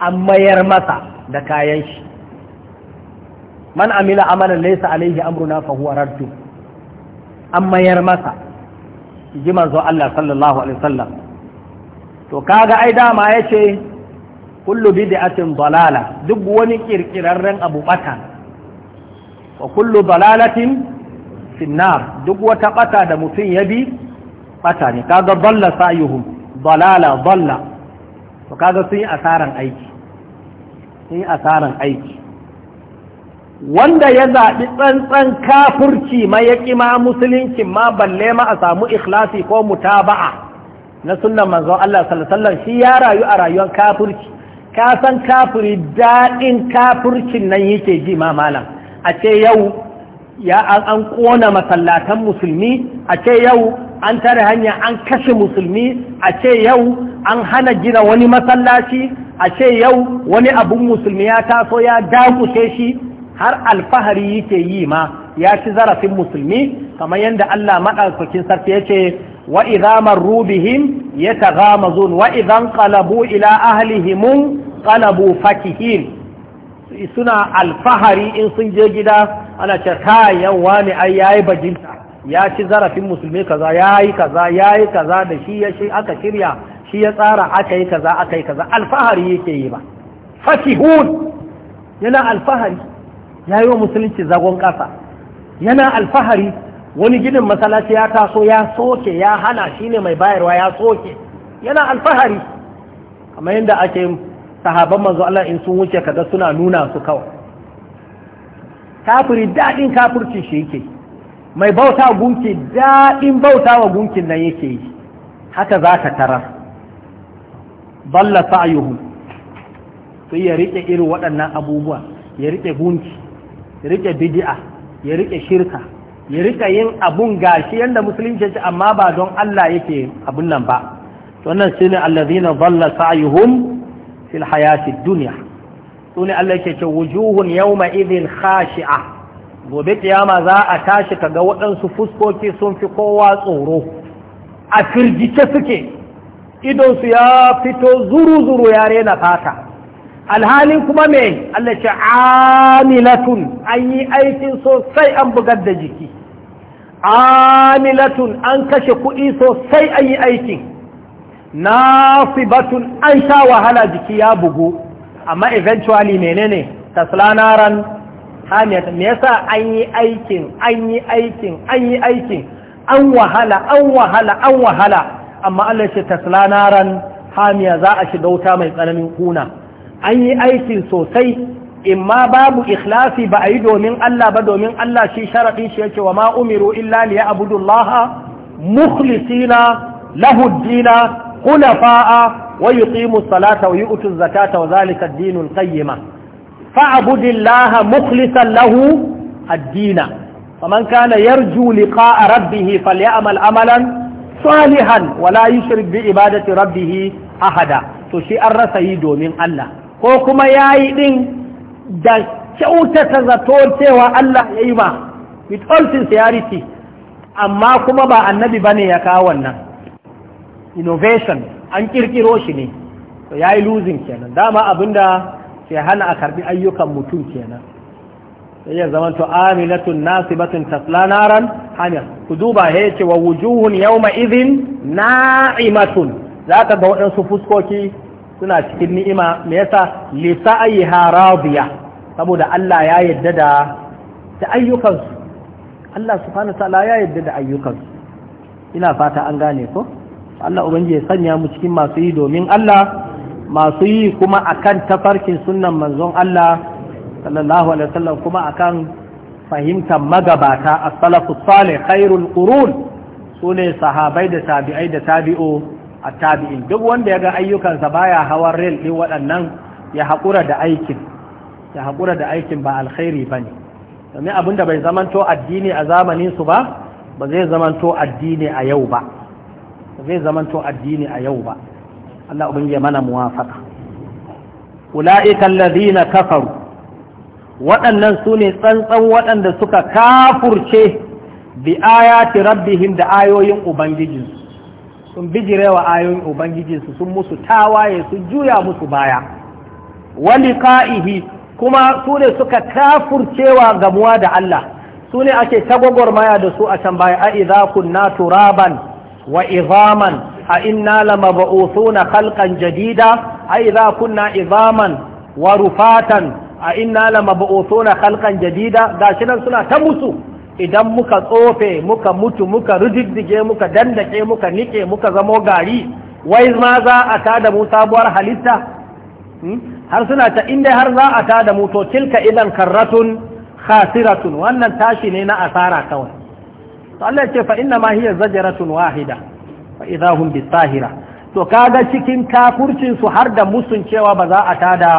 B: an mayar masa da kayan shi man amila amalan laysa alaihi amruna fa huwa raddun an mayar masa ji manzo Allah sallallahu alaihi wasallam to kaga ai dama yace kullu bid'atin dalala duk wani kirkirarren abu bata wa kullu dalalatin finnar duk wata bata da mutum ya bi bata ne kaga dalla sayuhum dalala dalla to kaga sun yi asaran aiki sun yi asaran aiki wanda ya zaɓi tsantsan kafurci ma ya ma musuluncin ma balle ma a samu ikhlasi ko mutaba'a na sunan manzon Allah sallallahu shi ya rayu a rayuwar kafurci ka san kafuri daɗin kafurcin nan yake ji ma malam a ce yau ya an ƙona masallatan musulmi a ce yau an tare hanya an kashe musulmi a ce yau an hana gina wani masallaci a ce yau wani abun musulmi ya taso ya dakushe shi har alfahari yake yi ma ya ci zarafin musulmi kamar yadda Allah maɗaukakin sarki ya ce wa idhamar rubihim ya taghamazun wa idan qalabu ila ahlihimun kalabu fakihin suna alfahari in sun je gida ana ce kai yawa ne ai yayi bajinta ya ci zarafin musulmi kaza yayi kaza yayi kaza da shi ya shi aka shirya shi ya tsara aka yi kaza aka yi kaza alfahari yake yi ba fakihun yana alfahari ya yi wa musulunci zagon ƙasa yana alfahari wani ginin masalaci ya taso ya soke ya hana shi ne mai bayarwa ya soke yana alfahari kamar yadda ake sahaban manzo Allah in sun wuce kaga suna nuna su kawai kafiri daɗin kafirci shi yake mai bauta gunki daɗin bauta wa gunkin nan yake yi haka za ka tarar balla su sai ya riƙe irin waɗannan abubuwa ya rike gunki ya rike bid'a ya rike shirka ya rika yin abun gashi yadda musulunci ce amma ba don Allah yake abun nan ba wannan shine allazina dhalla sa'yuhum fil hayati dunya sune Allah yake ce wujuhun yawma idhin khashi'a gobe kiyama za a tashi kaga waɗansu fuskoki sun fi kowa tsoro a firgice suke idonsu ya fito zuru zuru ya rena fata alhalin kuma me Allah ce amilatun an yi aikin sosai an bugar da jiki amilatun an kashe kuɗi sosai an yi aikin nasibatun an sha wahala jiki ya bugu amma eventually menene tasla naran hamiyat me yasa an yi aikin an yi aikin an yi aikin an wahala an wahala an wahala amma Allah ce tasla naran hamiya za a shiga wuta mai tsananin kuna an yi aikin sosai imma babu ikhlasi ba a yi domin Allah ba domin Allah shi sharaɗin shi yake wa ma umiru illa li ya'budullaha mukhlisina lahu dina hunafa'a wa yuqimu salata wa yu'tu zakata wa zalika ad-dinul qayyima fa'budillaha mukhlisan lahu ad-dina faman kana yarju liqa'a rabbih falyamal amalan salihan wa la yushrik bi ibadati rabbih ahada to shi an rasa yi domin Allah ko kuma ya yi ɗin da kyautata zato cewa Allah ya yi ma with all sincerity amma kuma ba annabi ba ne ya kawo wannan innovation an ƙirƙiro shi ne to ya yi losing kenan dama da ke hana a karɓi ayyukan mutum kenan sai ya zama to aminatun nasibatun tasla naran hanyar ku duba ya ce wa wujuhun yau maizin na'imatun za ka ga waɗansu fuskoki suna cikin ni'ima me yasa li sa'iha radiya saboda Allah ya yadda da ayyukan ayyukansu Allah subhanahu wataala ya yadda da ayyukansu ina fata an gane ko Allah ubangiji ya sanya mu cikin masu yi domin Allah masu yi kuma akan tafarkin sunnan manzon Allah sallallahu alaihi wasallam kuma akan fahimtar magabata as-salafus salih khairul qurun sune sahabai da tabi'ai da tabi'u. a tabi'in duk wanda ya ga ayyukansa baya hawan rail din waɗannan ya haƙura da aikin ya haƙura da aikin ba alkhairi ba ne domin abin da bai zamanto addini a zamanin su ba ba zai zamanto addini a yau ba ba zai zamanto addini a yau ba Allah ubangiji mana muwafaqa ulaika alladhina kafaru waɗannan su ne tsantsan waɗanda suka kafurce bi ayati rabbihim da ayoyin ubangijinsu sun bijirewa ayoyin ubangijinsu sun musu tawaye sun juya musu baya wani ka'ihi kuma su ne suka kafurcewa gamuwa da Allah su ne ake gwagwarmaya da su a can baya a iza kunna turaban wa izaman a inna lamab'uthuna khalqan jadida a idza kunna izaman wa rufatan a inna lamab'uthuna khalqan jadida shi nan suna ta musu idan muka tsofe muka mutu muka rijiddige muka dandake muka nike muka zamo gari wai ma za a tada mu sabuwar halitta hmm? har suna ta inda har za a tada mu to tilka idan karratun khasiratun wannan tashi ne na asara kawai to Allah ce fa inna ma hiya zajratun wahida fa idahum bisahira to kaga cikin kafurcin su har da musun cewa ba za a tada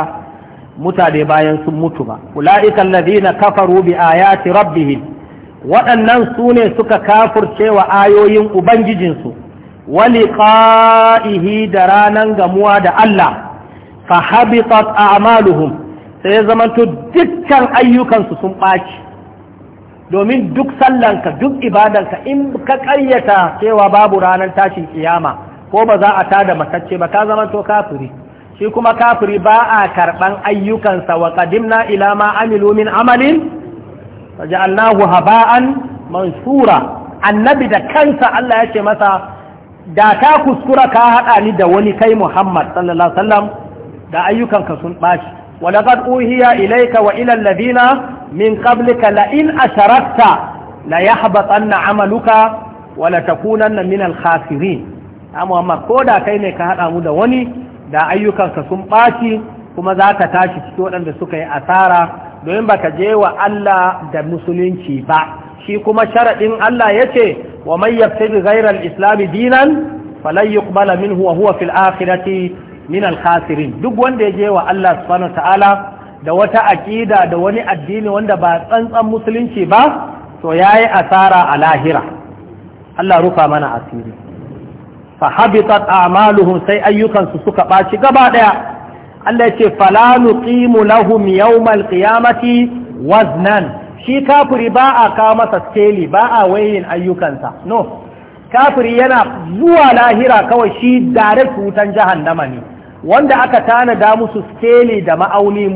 B: mutane bayan sun mutu ba ulaika alladhina kafaru bi ayati rabbihim waɗannan su ne suka kafurce wa ayoyin ubangijinsu wani ƙa'ihi da ranar gamuwa da Allah fa habitat a'maluhum sai zamanto dukkan ayyukansu sun ɓaci domin duk sallanka duk ibadanka in ka ƙaryata cewa babu ranar tashin kiyama ko ba za a tada matacce ba ka zamanto kafiri shi kuma kafiri ba a karɓan ayyukansa wa ƙadimna ila ma amilu min amalin Allahu haba'an mansura annabi da kansa Allah ya ce masa da ta kuskura ka haɗa ni da wani kai Muhammad sallallahu alaihi wasallam da ayyukanka sun ɓaci wa zan uhiya ilaika wa ila alladhina min qablika la'in in asharakta la yahbatanna amaluka wa la takunanna min al-khasirin ko da kai ne ka haɗa mu da wani da ayyukanka sun ɓaci kuma za ka tashi cikin waɗanda suka yi asara domin baka je wa Allah da musulunci ba shi kuma sharaɗin Allah ya ce wa man yabtaghi ghayra al dinan falan huwa fil akhirati min al duk wanda ya je wa Allah subhanahu ta'ala da wata aƙida da wani addini wanda ba tsantsan musulunci ba to yayi asara a lahira Allah rufa mana asiri fa habitat a'maluhum sai ayyukansu suka ɓaci gaba ɗaya Allah ce falanu nuqimu lahum yawmal qiyamati waznan shi kafiri ba a kawo masa skeli ba a wayin ayyukansa no kafiri yana zuwa lahira kawai shi direct wutan jahannama ne wanda aka tanada musu skeli da ma'auni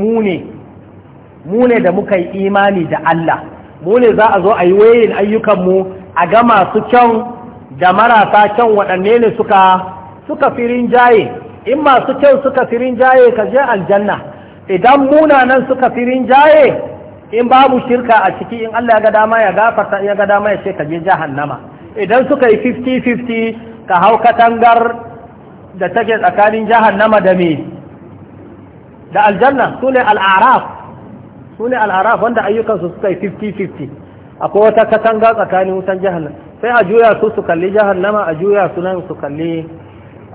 B: mu ne da muka yi imani da Allah mu za a zo a yi wayin ayyukanmu a ga masu kyau da marasa kyau waɗanne ne suka suka firin jaye in masu kyau suka firin jaye ka je aljanna idan munanan suka firin jaye in babu shirka a ciki in Allah ya ga dama ya gafarta ya ga dama ya ce ka je jahannama idan suka yi 50-50 ka hau katangar da take tsakanin jahannama da me da aljanna su ne al'araf su ne al'araf wanda ayyukansu suka yi 50-50 akwai wata katanga tsakanin wutan jahannama sai a juya su su kalli jahannama a juya su nan su kalli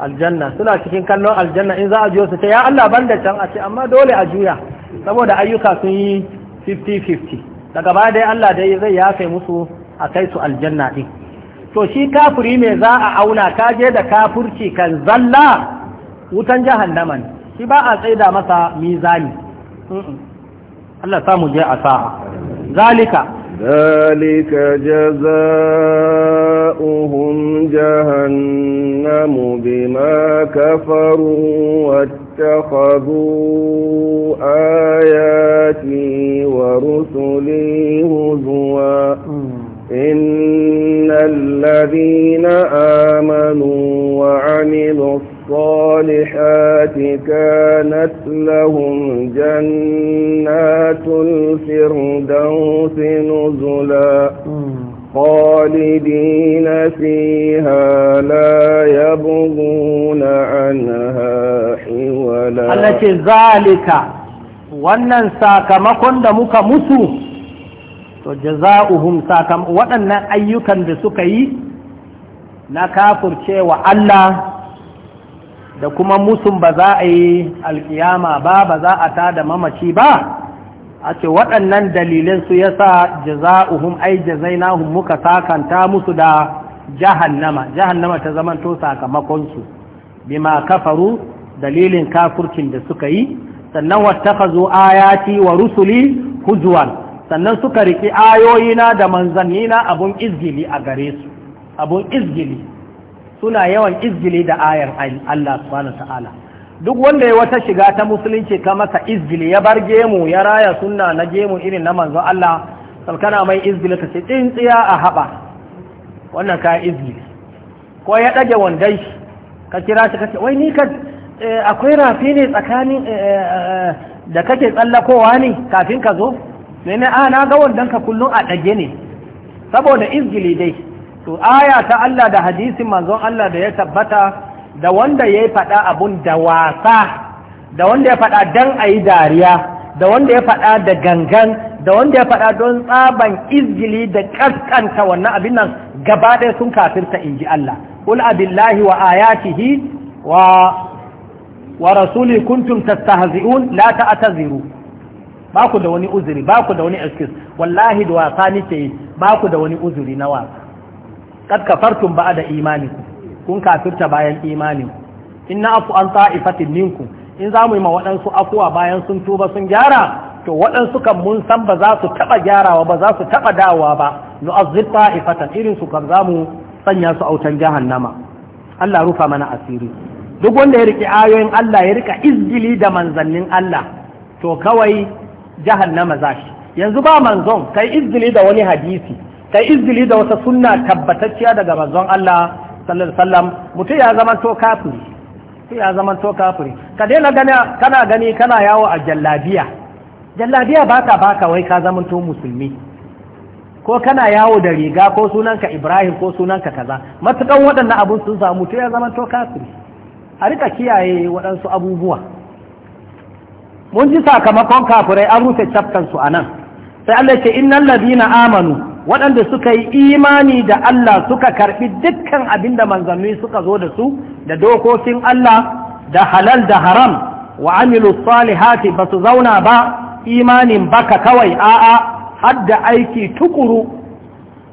B: aljanna suna cikin kallon aljanna in za a juyo su ce ya Allah ban da can a ce amma dole a juya saboda ayyuka sun yi 50-50 daga baya dai Allah dai zai yafe musu a kai su aljanna din to shi kafuri me za a auna ka je da kafurci kan zalla wutan jahannama naman shi ba a tsaida masa mizani Allah samu je a sa'a zalika
C: ذلك جزاؤهم جهنم بما كفروا واتخذوا آياتي ورسلي هزوا إن الذين آمنوا وعملوا الصالحات كانت لهم جنات الفردوس نزلا خالدين فيها لا يبغون عنها حولا التي
B: ذلك wannan sakamakon da muka musu to jaza'uhum sakam waɗannan ayyukan da suka yi na kafurcewa Allah da kuma musun ba za a yi alkiyama ba ba za a ta da mamaci ba a ce waɗannan dalilin su ya sa jaza'uhum ai jazainahum muka sakanta musu da jahannama jahannama ta zamanto sakamakonsu bima kafaru dalilin kafurcin da suka yi sannan wattakazu ayati wa rusuli sannan suka riki ayoyina da manzannina abun izgili a gare su abun izgili suna yawan izgili da ayar Allah subhanahu ta'ala duk wanda ya wata shiga ta musulunci ka masa izgili ya bar gemu ya raya sunna na gemu irin na manzo Allah salkana mai izgili ka ce tsintsiya a haɓa wannan ka izgili ko ya ɗage wandai ka kira shi ka ce wai ni ka eh, akwai rafi ne tsakanin eh, eh, da kake tsallakowa ne kafin ka zo ne a ah, na ga wandan ka kullum a ɗage ne saboda izgili dai to aya ta Allah da hadisin manzon Allah da ya tabbata da wanda ya faɗa abun da wasa da wanda ya faɗa dan a yi dariya da wanda ya faɗa da gangan da wanda ya faɗa don tsaban izgili da ƙasƙanta wannan abin nan gaba ɗaya sun kafirta in ji Allah ƙul abillahi wa ayatihi wa wa rasuli kuntum tastahzi'un la ta'taziru ba ku da wani uzuri ba ku da wani excuse wallahi da wasa nake ba ku da wani uzuri na wasa kad kafartum da imanikum kun kafirta bayan imanin inna afu an ta'ifatin minkum in za mu yi ma waɗansu afuwa bayan sun tuba sun gyara to waɗansu kan mun san ba za su taɓa gyarawa ba za su taɓa dawowa ba nu'azzib ta'ifatan irin su kan za mu sanya su autan jahannama Allah rufa mana asiri duk wanda ya riƙe ayoyin Allah ya rika izgili da manzannin Allah to kawai jahannama za shi yanzu ba manzon kai izgili da wani hadisi ka izgili da wata sunna tabbatacciya daga manzon Allah sallallahu mutum ya zama to kafiri mutum ya zama to kafiri ka daina gani kana gani kana yawo a jallabiya jallabiya baka baka wai ka zama to musulmi ko kana yawo da riga ko sunanka Ibrahim ko sunanka kaza matukan waɗannan abun sun samu mutum ya zama to kafiri a rika kiyaye waɗansu abubuwa mun ji sakamakon kafirai an rufe cafkansu su anan sai Allah ce innal ladina amanu waɗanda suka yi imani da Allah suka karɓi dukkan abin da manzanni suka zo da su da dokokin Allah da halal da haram wa amilu salihati ba su zauna ba imanin baka kawai a'a har da aiki tukuru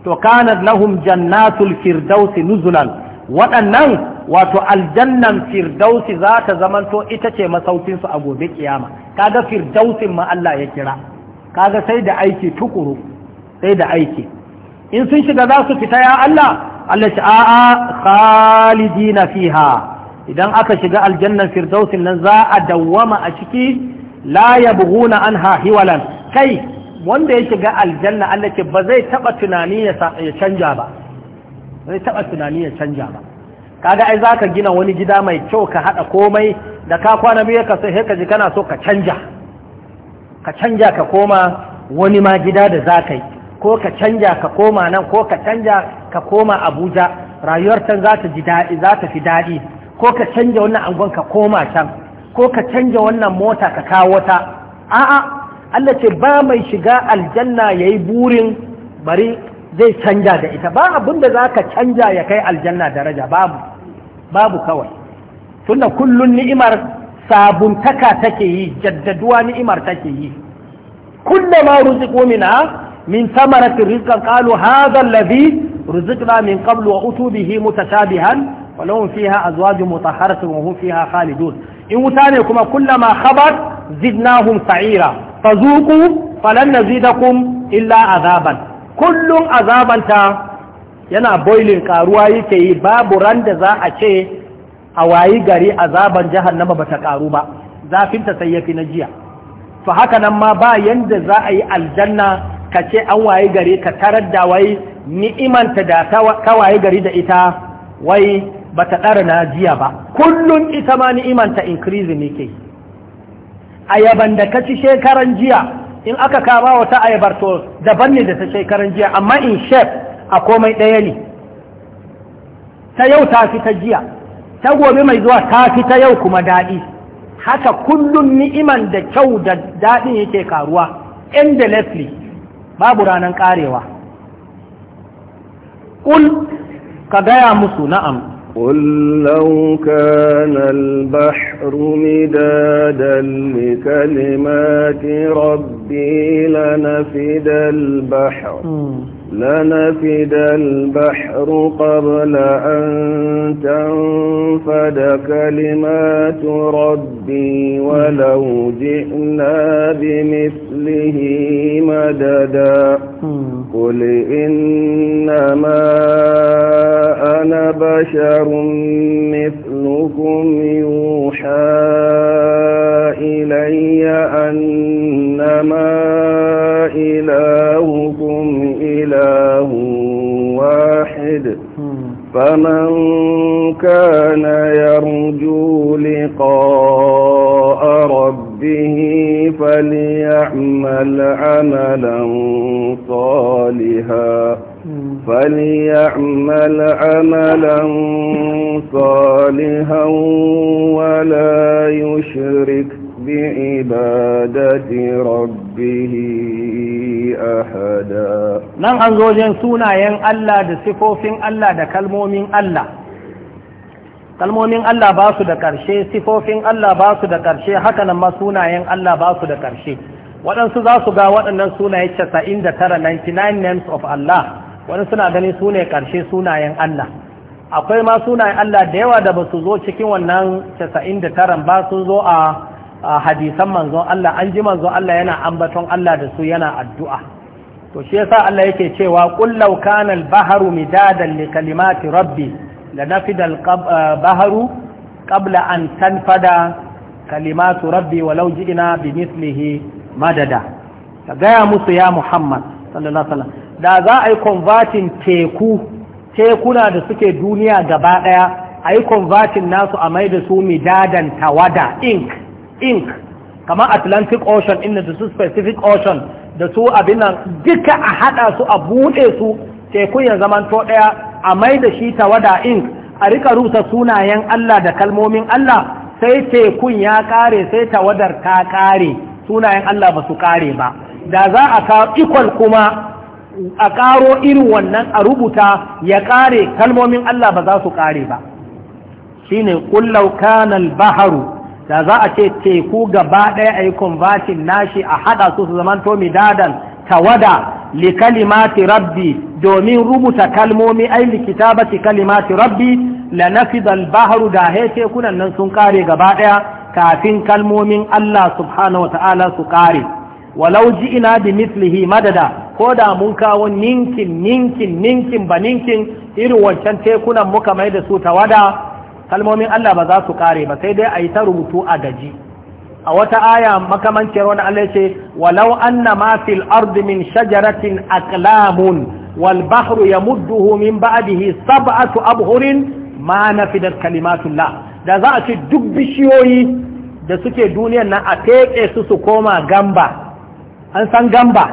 B: to kanat lahum jannatul firdausi nuzulan waɗannan wato aljannan firdausi za ta zamanto ita ce masaukinsu a gobe kiyama kaga firdausin ma Allah ya kira kaga sai da aiki tukuru sai da aiki in sun shiga za su fita ya Allah Allah ce a'a khalidina fiha idan aka shiga aljannan firdausin nan za a dawwama a ciki la yabghuna anha hiwalan kai wanda ya shiga aljanna Allah ce ba zai taba tunani ya canja ba zai taba tunani ya canja ba kaga ai zaka gina wani gida mai kyau ka hada komai da ka kwana biyu ka sai ka ji kana so ka canja ka canja ka koma wani ma gida da zaka yi ko ka canja ka koma nan ko ka canja ka koma abuja rayuwar can za ta ji daɗi za ta fi daɗi ko ka canja wannan angon ka koma can ko ka canja wannan mota ka kawo ta a'a Allah ce ba mai shiga aljanna yayi burin bari zai canja da ita ba abin da za ka canja ya kai aljanna daraja babu babu kawai tunda kullun ni'imar sabuntaka take yi jaddaduwa ni'imar take yi kullama ruziqu minha min samaratin rizqan qalu hadha alladhi ruzqna min qablu wa utu bihi mutashabihan wa lahum fiha azwajun mutahharatun wa hum fiha khalidun in wuta ne kuma kullama khabat zidnahum sa'ira fazuqu falan nazidakum illa azaban kullun azabanta yana boiling ƙaruwa yake yi babu ran da za a ce a wayi gari azaban jahannama bata ƙaru ba zafinta sai yafi na jiya to hakanan ma ba yanda za a yi aljanna ka ce an waye gari ka tarar da wai ni'imanta da ka waye gari da ita wai ba ta ɗara na jiya ba kullum ita ma ni'imanta increase ne ke ayaban da ka ci shekaran jiya in aka kama wata ayabar to daban ne da ta shekaran jiya amma in shef a komai ɗaya ne ta yau ta fi ta jiya ta gobe mai zuwa ta fi ta yau kuma daɗi haka kullum ni'iman da kyau da daɗin yake karuwa endlessly babu ranar karewa ƙul ka gaya musu na'am
C: قل لو كان البحر مدادا لكلمات ربي لنفد البحر لنفد البحر قبل أن تنفد كلمات ربي ولو جئنا بمثله مددا قل إنما أنا بشر مثلكم يوحى إلي أنما إلهكم إله واحد فمن كان يرجو لقاء ربه فليعمل عملا صالحا فليعمل عملا صالحا ولا يشرك بعبادة ربه أحدا
B: نعم أنزوجين سونا ين ألا دسفوفين ألا دكالمومين ألا kalmomin Allah ba su da ƙarshe sifofin Allah ba su da ƙarshe hakanan ma sunayen Allah ba su da ƙarshe waɗansu za su ga waɗannan sunaye casa'in da tara 99 names of Allah wani suna ganin su ne ƙarshe sunayen Allah akwai ma sunayen Allah da yawa da ba su zo cikin wannan casa'in da taran ba sun zo a hadisan manzon Allah an ji manzon Allah yana ambaton Allah da su yana addu'a to shi yasa Allah yake cewa qul law kana al-bahru midadan li kalimati rabbi lanafida al-bahru eh, qabla an tanfada kalimatu rabbi walau ji'na bi mithlihi madada ka gaya musu ya Muhammad sallallahu alaihi wasallam da za a yi converting teku tekuna da suke duniya gaba daya a yi converting nasu a mai da su midadan tawada ink ink kamar atlantic ocean inda da su specific ocean da su abin nan duka a hada su a bude su teku ya zaman to daya a mai da shi tawada ink a rika rusa sunayen Allah da kalmomin Allah sai tekun ya kare sai tawadar ta kare sunayen Allah ba su kare ba da za a kawo ikon kuma a karo irin wannan a rubuta ya kare kalmomin Allah ba za su kare ba shine kullau kanal baharu da za a ce teku gaba ɗaya a yi konvashin nashi a haɗa su su zaman tomi dadan tawada li kalimati rabbi domin rubuta kalmomi ai likita ba ki kalimati rabbi la nafidal bahru da he tekunan nan sun kare gaba ɗaya kafin kalmomin Allah subhanahu wata'ala su kare walau ina bi mislihi madada ko da mun kawo ninkin ninkin ninkin ba ninkin irin wancan tekunan muka mai da su tawada kalmomin Allah ba za su kare ba sai dai a yi ta rubutu a gaji a wata aya makamancin wani Allah ce walau anna ma fil ardi min shajaratin aqlamun wal bahru yamudduhu min ba'dihi sab'atu abhurin ma nafidat kalimatullah da za a ce duk bishiyoyi da suke duniyar nan a teke su su koma gamba an san gamba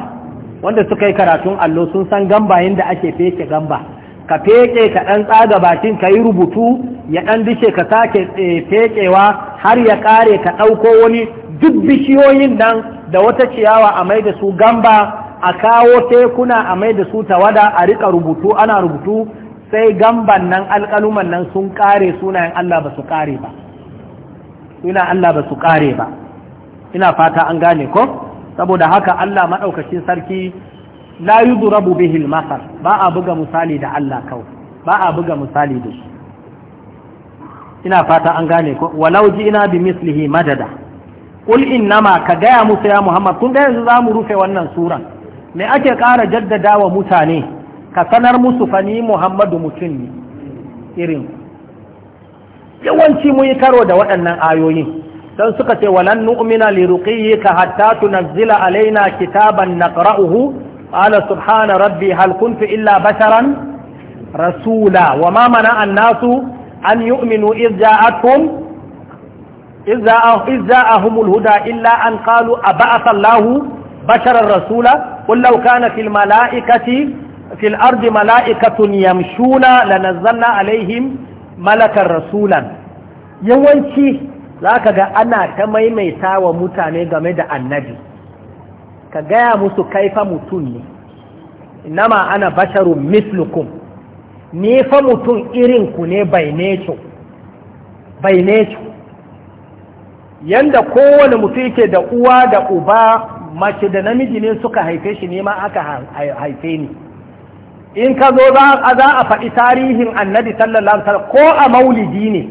B: wanda suka yi karatun allo sun san gamba yadda ake feke gamba ka feƙe ka ɗan tsaga bakin ka yi rubutu ya ɗan dishe ka sake eh, feƙewa har ya ƙare ka ɗauko wani duk bishiyoyin nan da wata ciyawa a mai da su gamba a kawo tekuna a mai da su tawada a riƙa rubutu ana rubutu sai gamban nan alƙaluman nan sun ƙare sunayen Allah ba su ƙare ba suna Allah ba su ƙare ba ina fata an gane ko saboda haka Allah maɗaukacin sarki la yudrabu bihi al-masal ba a buga misali da Allah kawai ba a buga misali da shi ina fata an gane ko walau ina bi mislihi madada qul innama ka gaya musu ya muhammad kun ga yanzu zamu rufe wannan suran me ake ƙara jaddada wa mutane ka sanar musu fa ni muhammadu mutum ne irin yawanci mu yi karo da waɗannan ayoyin don suka ce walan nu'mina li ruqiyyika hatta tunzila alaina kitaban naqra'uhu qala subhana rabbi hal kuntu illa basharan rasula wa mamana mana annasu an yu'minu idh ja'atkum idh ja'ahumul huda illa an qalu aba'atha Allahu basharan rasula qul law kana fil mala'ikati fil ardi mala'ikatun yamshuna lanazzalna alaihim malakan rasulan yawanci zaka ga ana ta maimaita wa mutane game da annabi ka gaya musu kaifa mutum ne nama ana basharun mislukum ni fa mutum irinku ne bai neco bai neco yanda kowane mutum yake da uwa da uba mace da namiji ne suka haife shi ne ma aka haife ni in ka zo za a faɗi tarihin annabi sallallahu alaihi ko a maulidi ne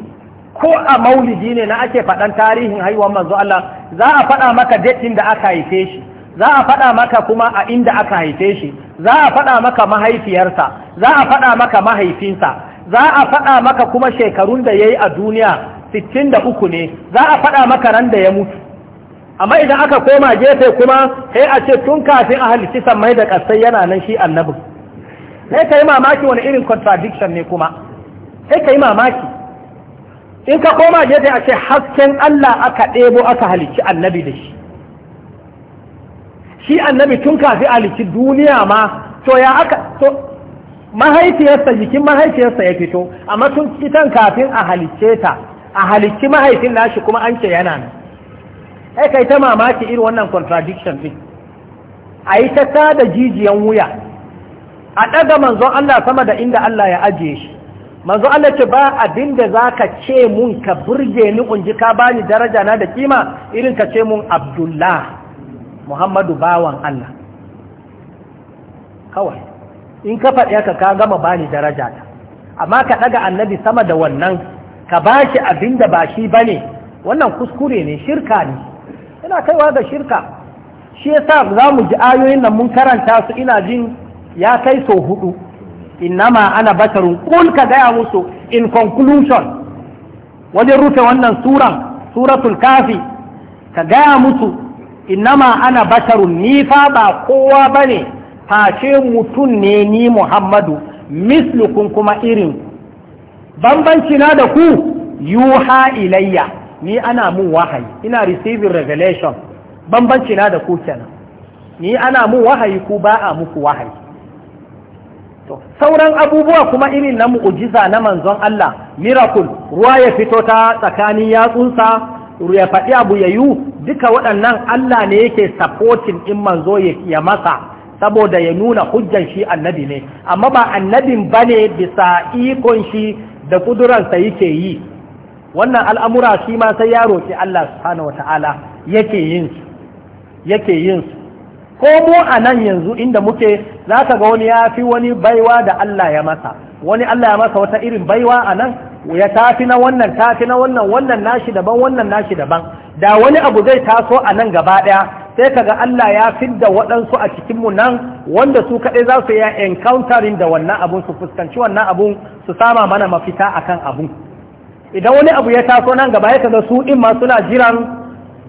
B: ko a maulidi ne na ake faɗan tarihin haihuwar manzo Allah za a faɗa maka datin da aka haife shi za a faɗa maka kuma a inda aka haife shi za a faɗa maka mahaifiyarsa za a faɗa maka mahaifinsa za a faɗa maka kuma shekarun da ya yi a duniya sittin da uku ne za a faɗa maka nan da ya mutu amma idan aka koma gefe kuma sai a ce tun kafin a halitti mai da ƙasai yana nan shi annabin sai ka yi mamaki wani irin contradiction ne kuma sai ka yi mamaki in ka koma gefe a ce hasken Allah aka ɗebo aka halicci annabi da shi shi annabi tun kafi aliki duniya ma to ya aka to mahaifiyarsa jikin mahaifiyarsa ya fito amma tun kitan kafin a halice ta a halici mahaifin nashi kuma an ce yana nan ai kai ta mamaki irin wannan contradiction din a yi ta jijiyan wuya a ɗaga manzon Allah sama da inda Allah ya ajiye shi Manzon Allah ce ba abin da za ka ce mun ka burge ni unji ka bani daraja na da kima irin ka ce mun abdullah muhammadu bawan Allah kawai in ka faɗi haka ka gama bani daraja ta amma ka ɗaga annabi sama da wannan ka ba shi abin da ba shi ba ne wannan kuskure ne shirka ne yana kaiwa ga shirka shi ya sa za mu ji ayoyin nan mun karanta su ina jin ya kai so hudu innama ana bataru kul ka gaya musu in conclusion wajen rufe wannan suran suratul kafi ka gaya musu innama ana basharun ni fa ba kowa bane face mutum ne ni Muhammadu mislukun kuma irin bambanci na da ku yuha ilayya ni ana mun wahayi ina receiving revelation bambanci na da ku kenan ni ana mun wahayi ku ba a muku wahayi sauran abubuwa kuma irin na mu'ujiza na manzon Allah miracle ruwa ya fito ta tsakanin yatsunsa ya faɗi abu ya yi duka waɗannan Allah ne yake supporting in manzo ya masa saboda ya nuna hujjan shi annabi ne amma ba annabin bane bisa ikon shi da kuduransa yake yi wannan al'amura shi ma sai ya roƙi Allah subhanahu wata'ala yake yin su yake yin ko mu a yanzu inda muke za ka ga wani ya fi wani baiwa da Allah ya masa wani Allah ya masa wata irin baiwa a nan ya tafi na wannan tafi na wannan wannan nashi daban wannan nashi daban da wani abu zai taso a nan gaba ɗaya sai kaga Allah ya fidda waɗansu a cikinmu nan wanda su kaɗai za su yi encountering da wannan abun su fuskanci wannan abun su sama mana mafita a kan abun idan wani abu ya taso nan gaba ya kaga su in ma suna jiran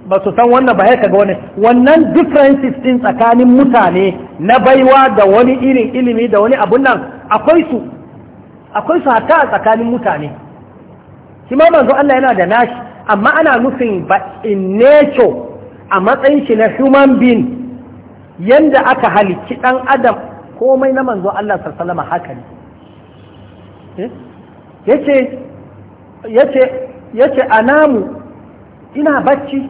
B: ba su san wannan ba ya kaga wani wannan differences ɗin tsakanin mutane na baiwa da wani irin ilimi da wani abun nan akwai su akwai su hatta a tsakanin mutane shi ma manzo Allah yana da nashi amma ana nufin ba in nature a matsayin shi na human being yanda aka halicci ɗan adam komai na manzo Allah sallama haka ne eh? yace yace yace anamu ina bacci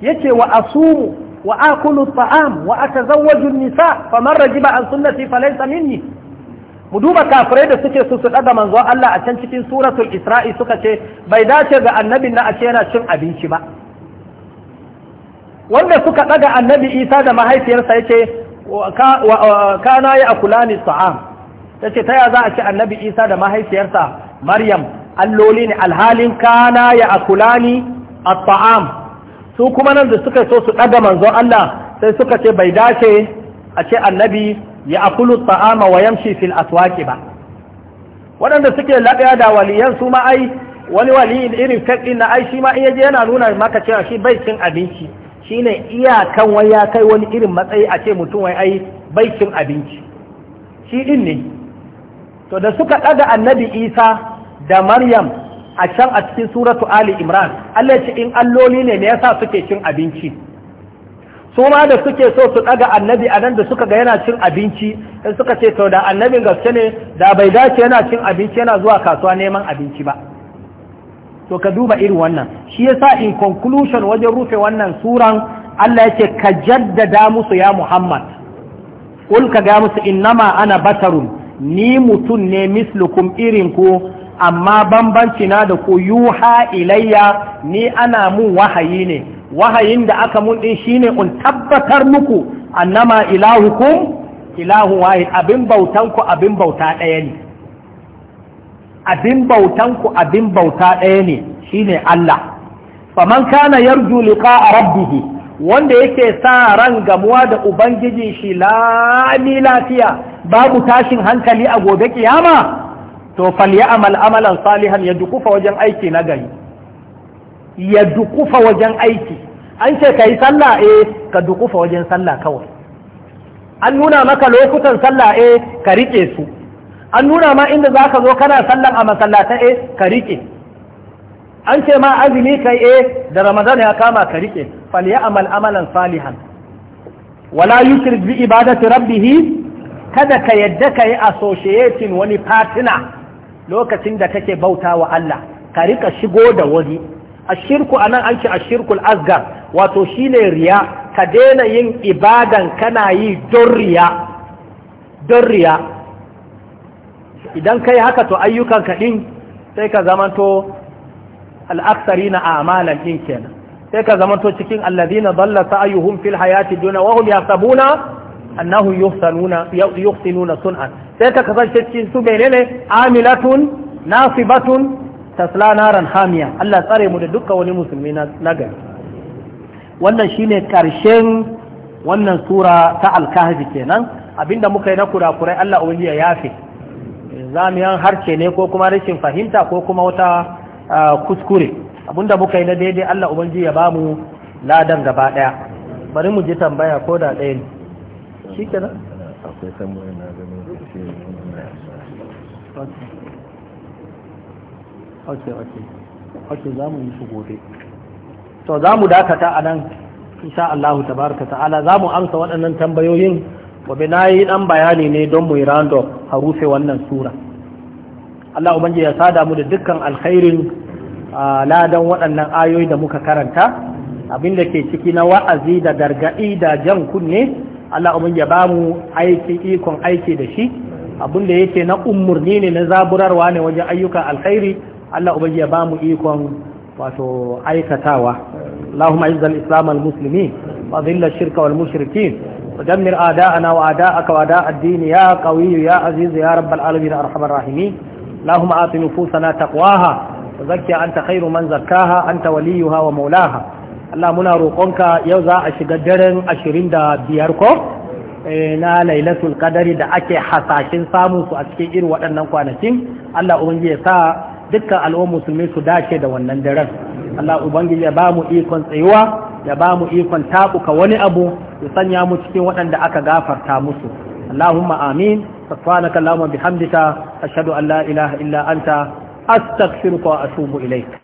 B: yace wa asumu wa akulu ta'am wa atazawwaju nisa faman rajiba an sunnati falaysa minni mu duba kafirai da suke su su daga manzo Allah a can cikin suratul Isra'i suka ce bai dace ga annabi na a ce yana cin abinci ba wanda suka daga annabi Isa da mahaifiyarsa yace kana ya akulani ta'am tace ta ya za a ci annabi Isa da mahaifiyarsa Maryam alloli ne alhalin kana ya akulani taam su kuma nan da suka so su daga manzo Allah sai suka ce bai dace a ce annabi ya akulu ta'ama wa yamshi fil aswaqi ba waɗanda suke laɗaya da waliyan su ma ai wani waliyin irin ɗin na ai shi ma iya je yana nuna maka cewa shi bai cin abinci shine iyakan wai ya kai wani irin matsayi a ce mutum wai ai bai cin abinci shi din ne to da suka ɗaga annabi isa da maryam a can a cikin suratu ali imran allah ce in alloli ne me yasa suke cin abinci su ma da suke so su daga annabi a nan da suka ga yana cin abinci in suka ce to da annabin gaske ne da bai dace yana cin abinci yana zuwa kasuwa neman abinci ba to ka duba irin wannan shi yasa in conclusion wajen rufe wannan suran Allah yake ka jaddada musu ya Muhammad kul ka ga musu innama ana batarun ni mutum ne mislukum irin ku amma bambanci na da ku yuha ilayya ni ana mun wahayi ne wahayin da aka mun shine un tabbatar muku annama ilahukum ilahu wahid abin bautanku abin bauta ɗaya ne abin bautanku abin bauta ɗaya ne shine Allah faman kana yarju liqa'a rabbih wanda yake sa ran gamuwa da ubangiji shi lami lafiya babu tashin hankali a gobe kiyama to falyamal amalan salihan ya dukufa wajen aiki na gari ya dukufa wajen aiki an ce ka yi sallah e ka dukufa wajen sallah kawai an nuna maka lokutan sallah e ka riƙe su an nuna ma inda za ka zo kana sallan a masallata eh, ka riƙe an ce ma azumi kai e da ramadan ya kama ka riƙe amal amalan salihan wala yushrik bi ibadati rabbih kada ka yadda ka yi associating wani partner lokacin da kake bauta wa Allah ka rika shigo da wani ashirku nan an ce ashirkul asgar wato shi ne riya ka daina yin ibadan kana yi don riya don riya idan kai haka to ayyukan kaɗin sai ka zamanto al'aksari na amalan ɗin kenan sai ka zamanto cikin allazina dalla sa'ayuhum fil hayati dunya wa hum yahsabuna annahum yuhsanuna yuhsinuna sun'an sai ka kasance cikin su menene amilatun nasibatun tasla naran hamiya Allah tsare mu da dukkan wani musulmi na gari wannan shine karshen wannan sura ta alkahfi kenan abinda muka yi na kurakurai Allah ubangiji ya yafe zamiyan harce ne ko kuma rashin fahimta ko kuma wata kuskure abinda muka yi na daidai Allah ubangiji ya bamu ladan gaba daya bari mu ji tambaya ko da ɗaya ne shi kenan ok ok ok za mu yi su gobe to za mu dakata a nan isa Allah tabaraka ta'ala za mu amsa waɗannan tambayoyin gobe na yi ɗan bayani ne don mu yi rando a rufe wannan sura Allah ubanji ya sada mu da dukkan alkhairin ladan waɗannan ayoyi da muka karanta abin da ke ciki na wa'azi da gargaɗi da jan kunne Allah ubanji ya ba mu aiki ikon aiki da shi abin da yake na umurni ne na zaburarwa ne wajen ayyukan alkhairi Allah ubangi ya bamu ikon wato aikatawa Allahumma izzal islam al muslimin wa dhilla shirka wal mushrikin wa dammir a'da'ana wa a'da'aka wa da'a din ya qawiyyu ya aziz ya rabbal alamin arhamar rahimin اللهم آت نفوسنا تقواها وزكي أنت خير من زكاها أنت وليها ومولاها Allah muna roƙonka yau za a shiga daren ashirin da biyar ko eh, na lailatul kadari da ake hasashen samun su a cikin irin waɗannan kwanakin Allah ubangi ya sa dukkan al'uwan musulmi su dace da wannan daren Allah ubangiji ya ba mu ikon tsayuwa ya ba mu ikon taɓuka wani abu ya sanya mu cikin waɗanda aka gafarta musu Allahumma amin subhanaka allahumma bihamdika ashhadu an la ilaha illa anta astaghfiruka wa atubu ilayk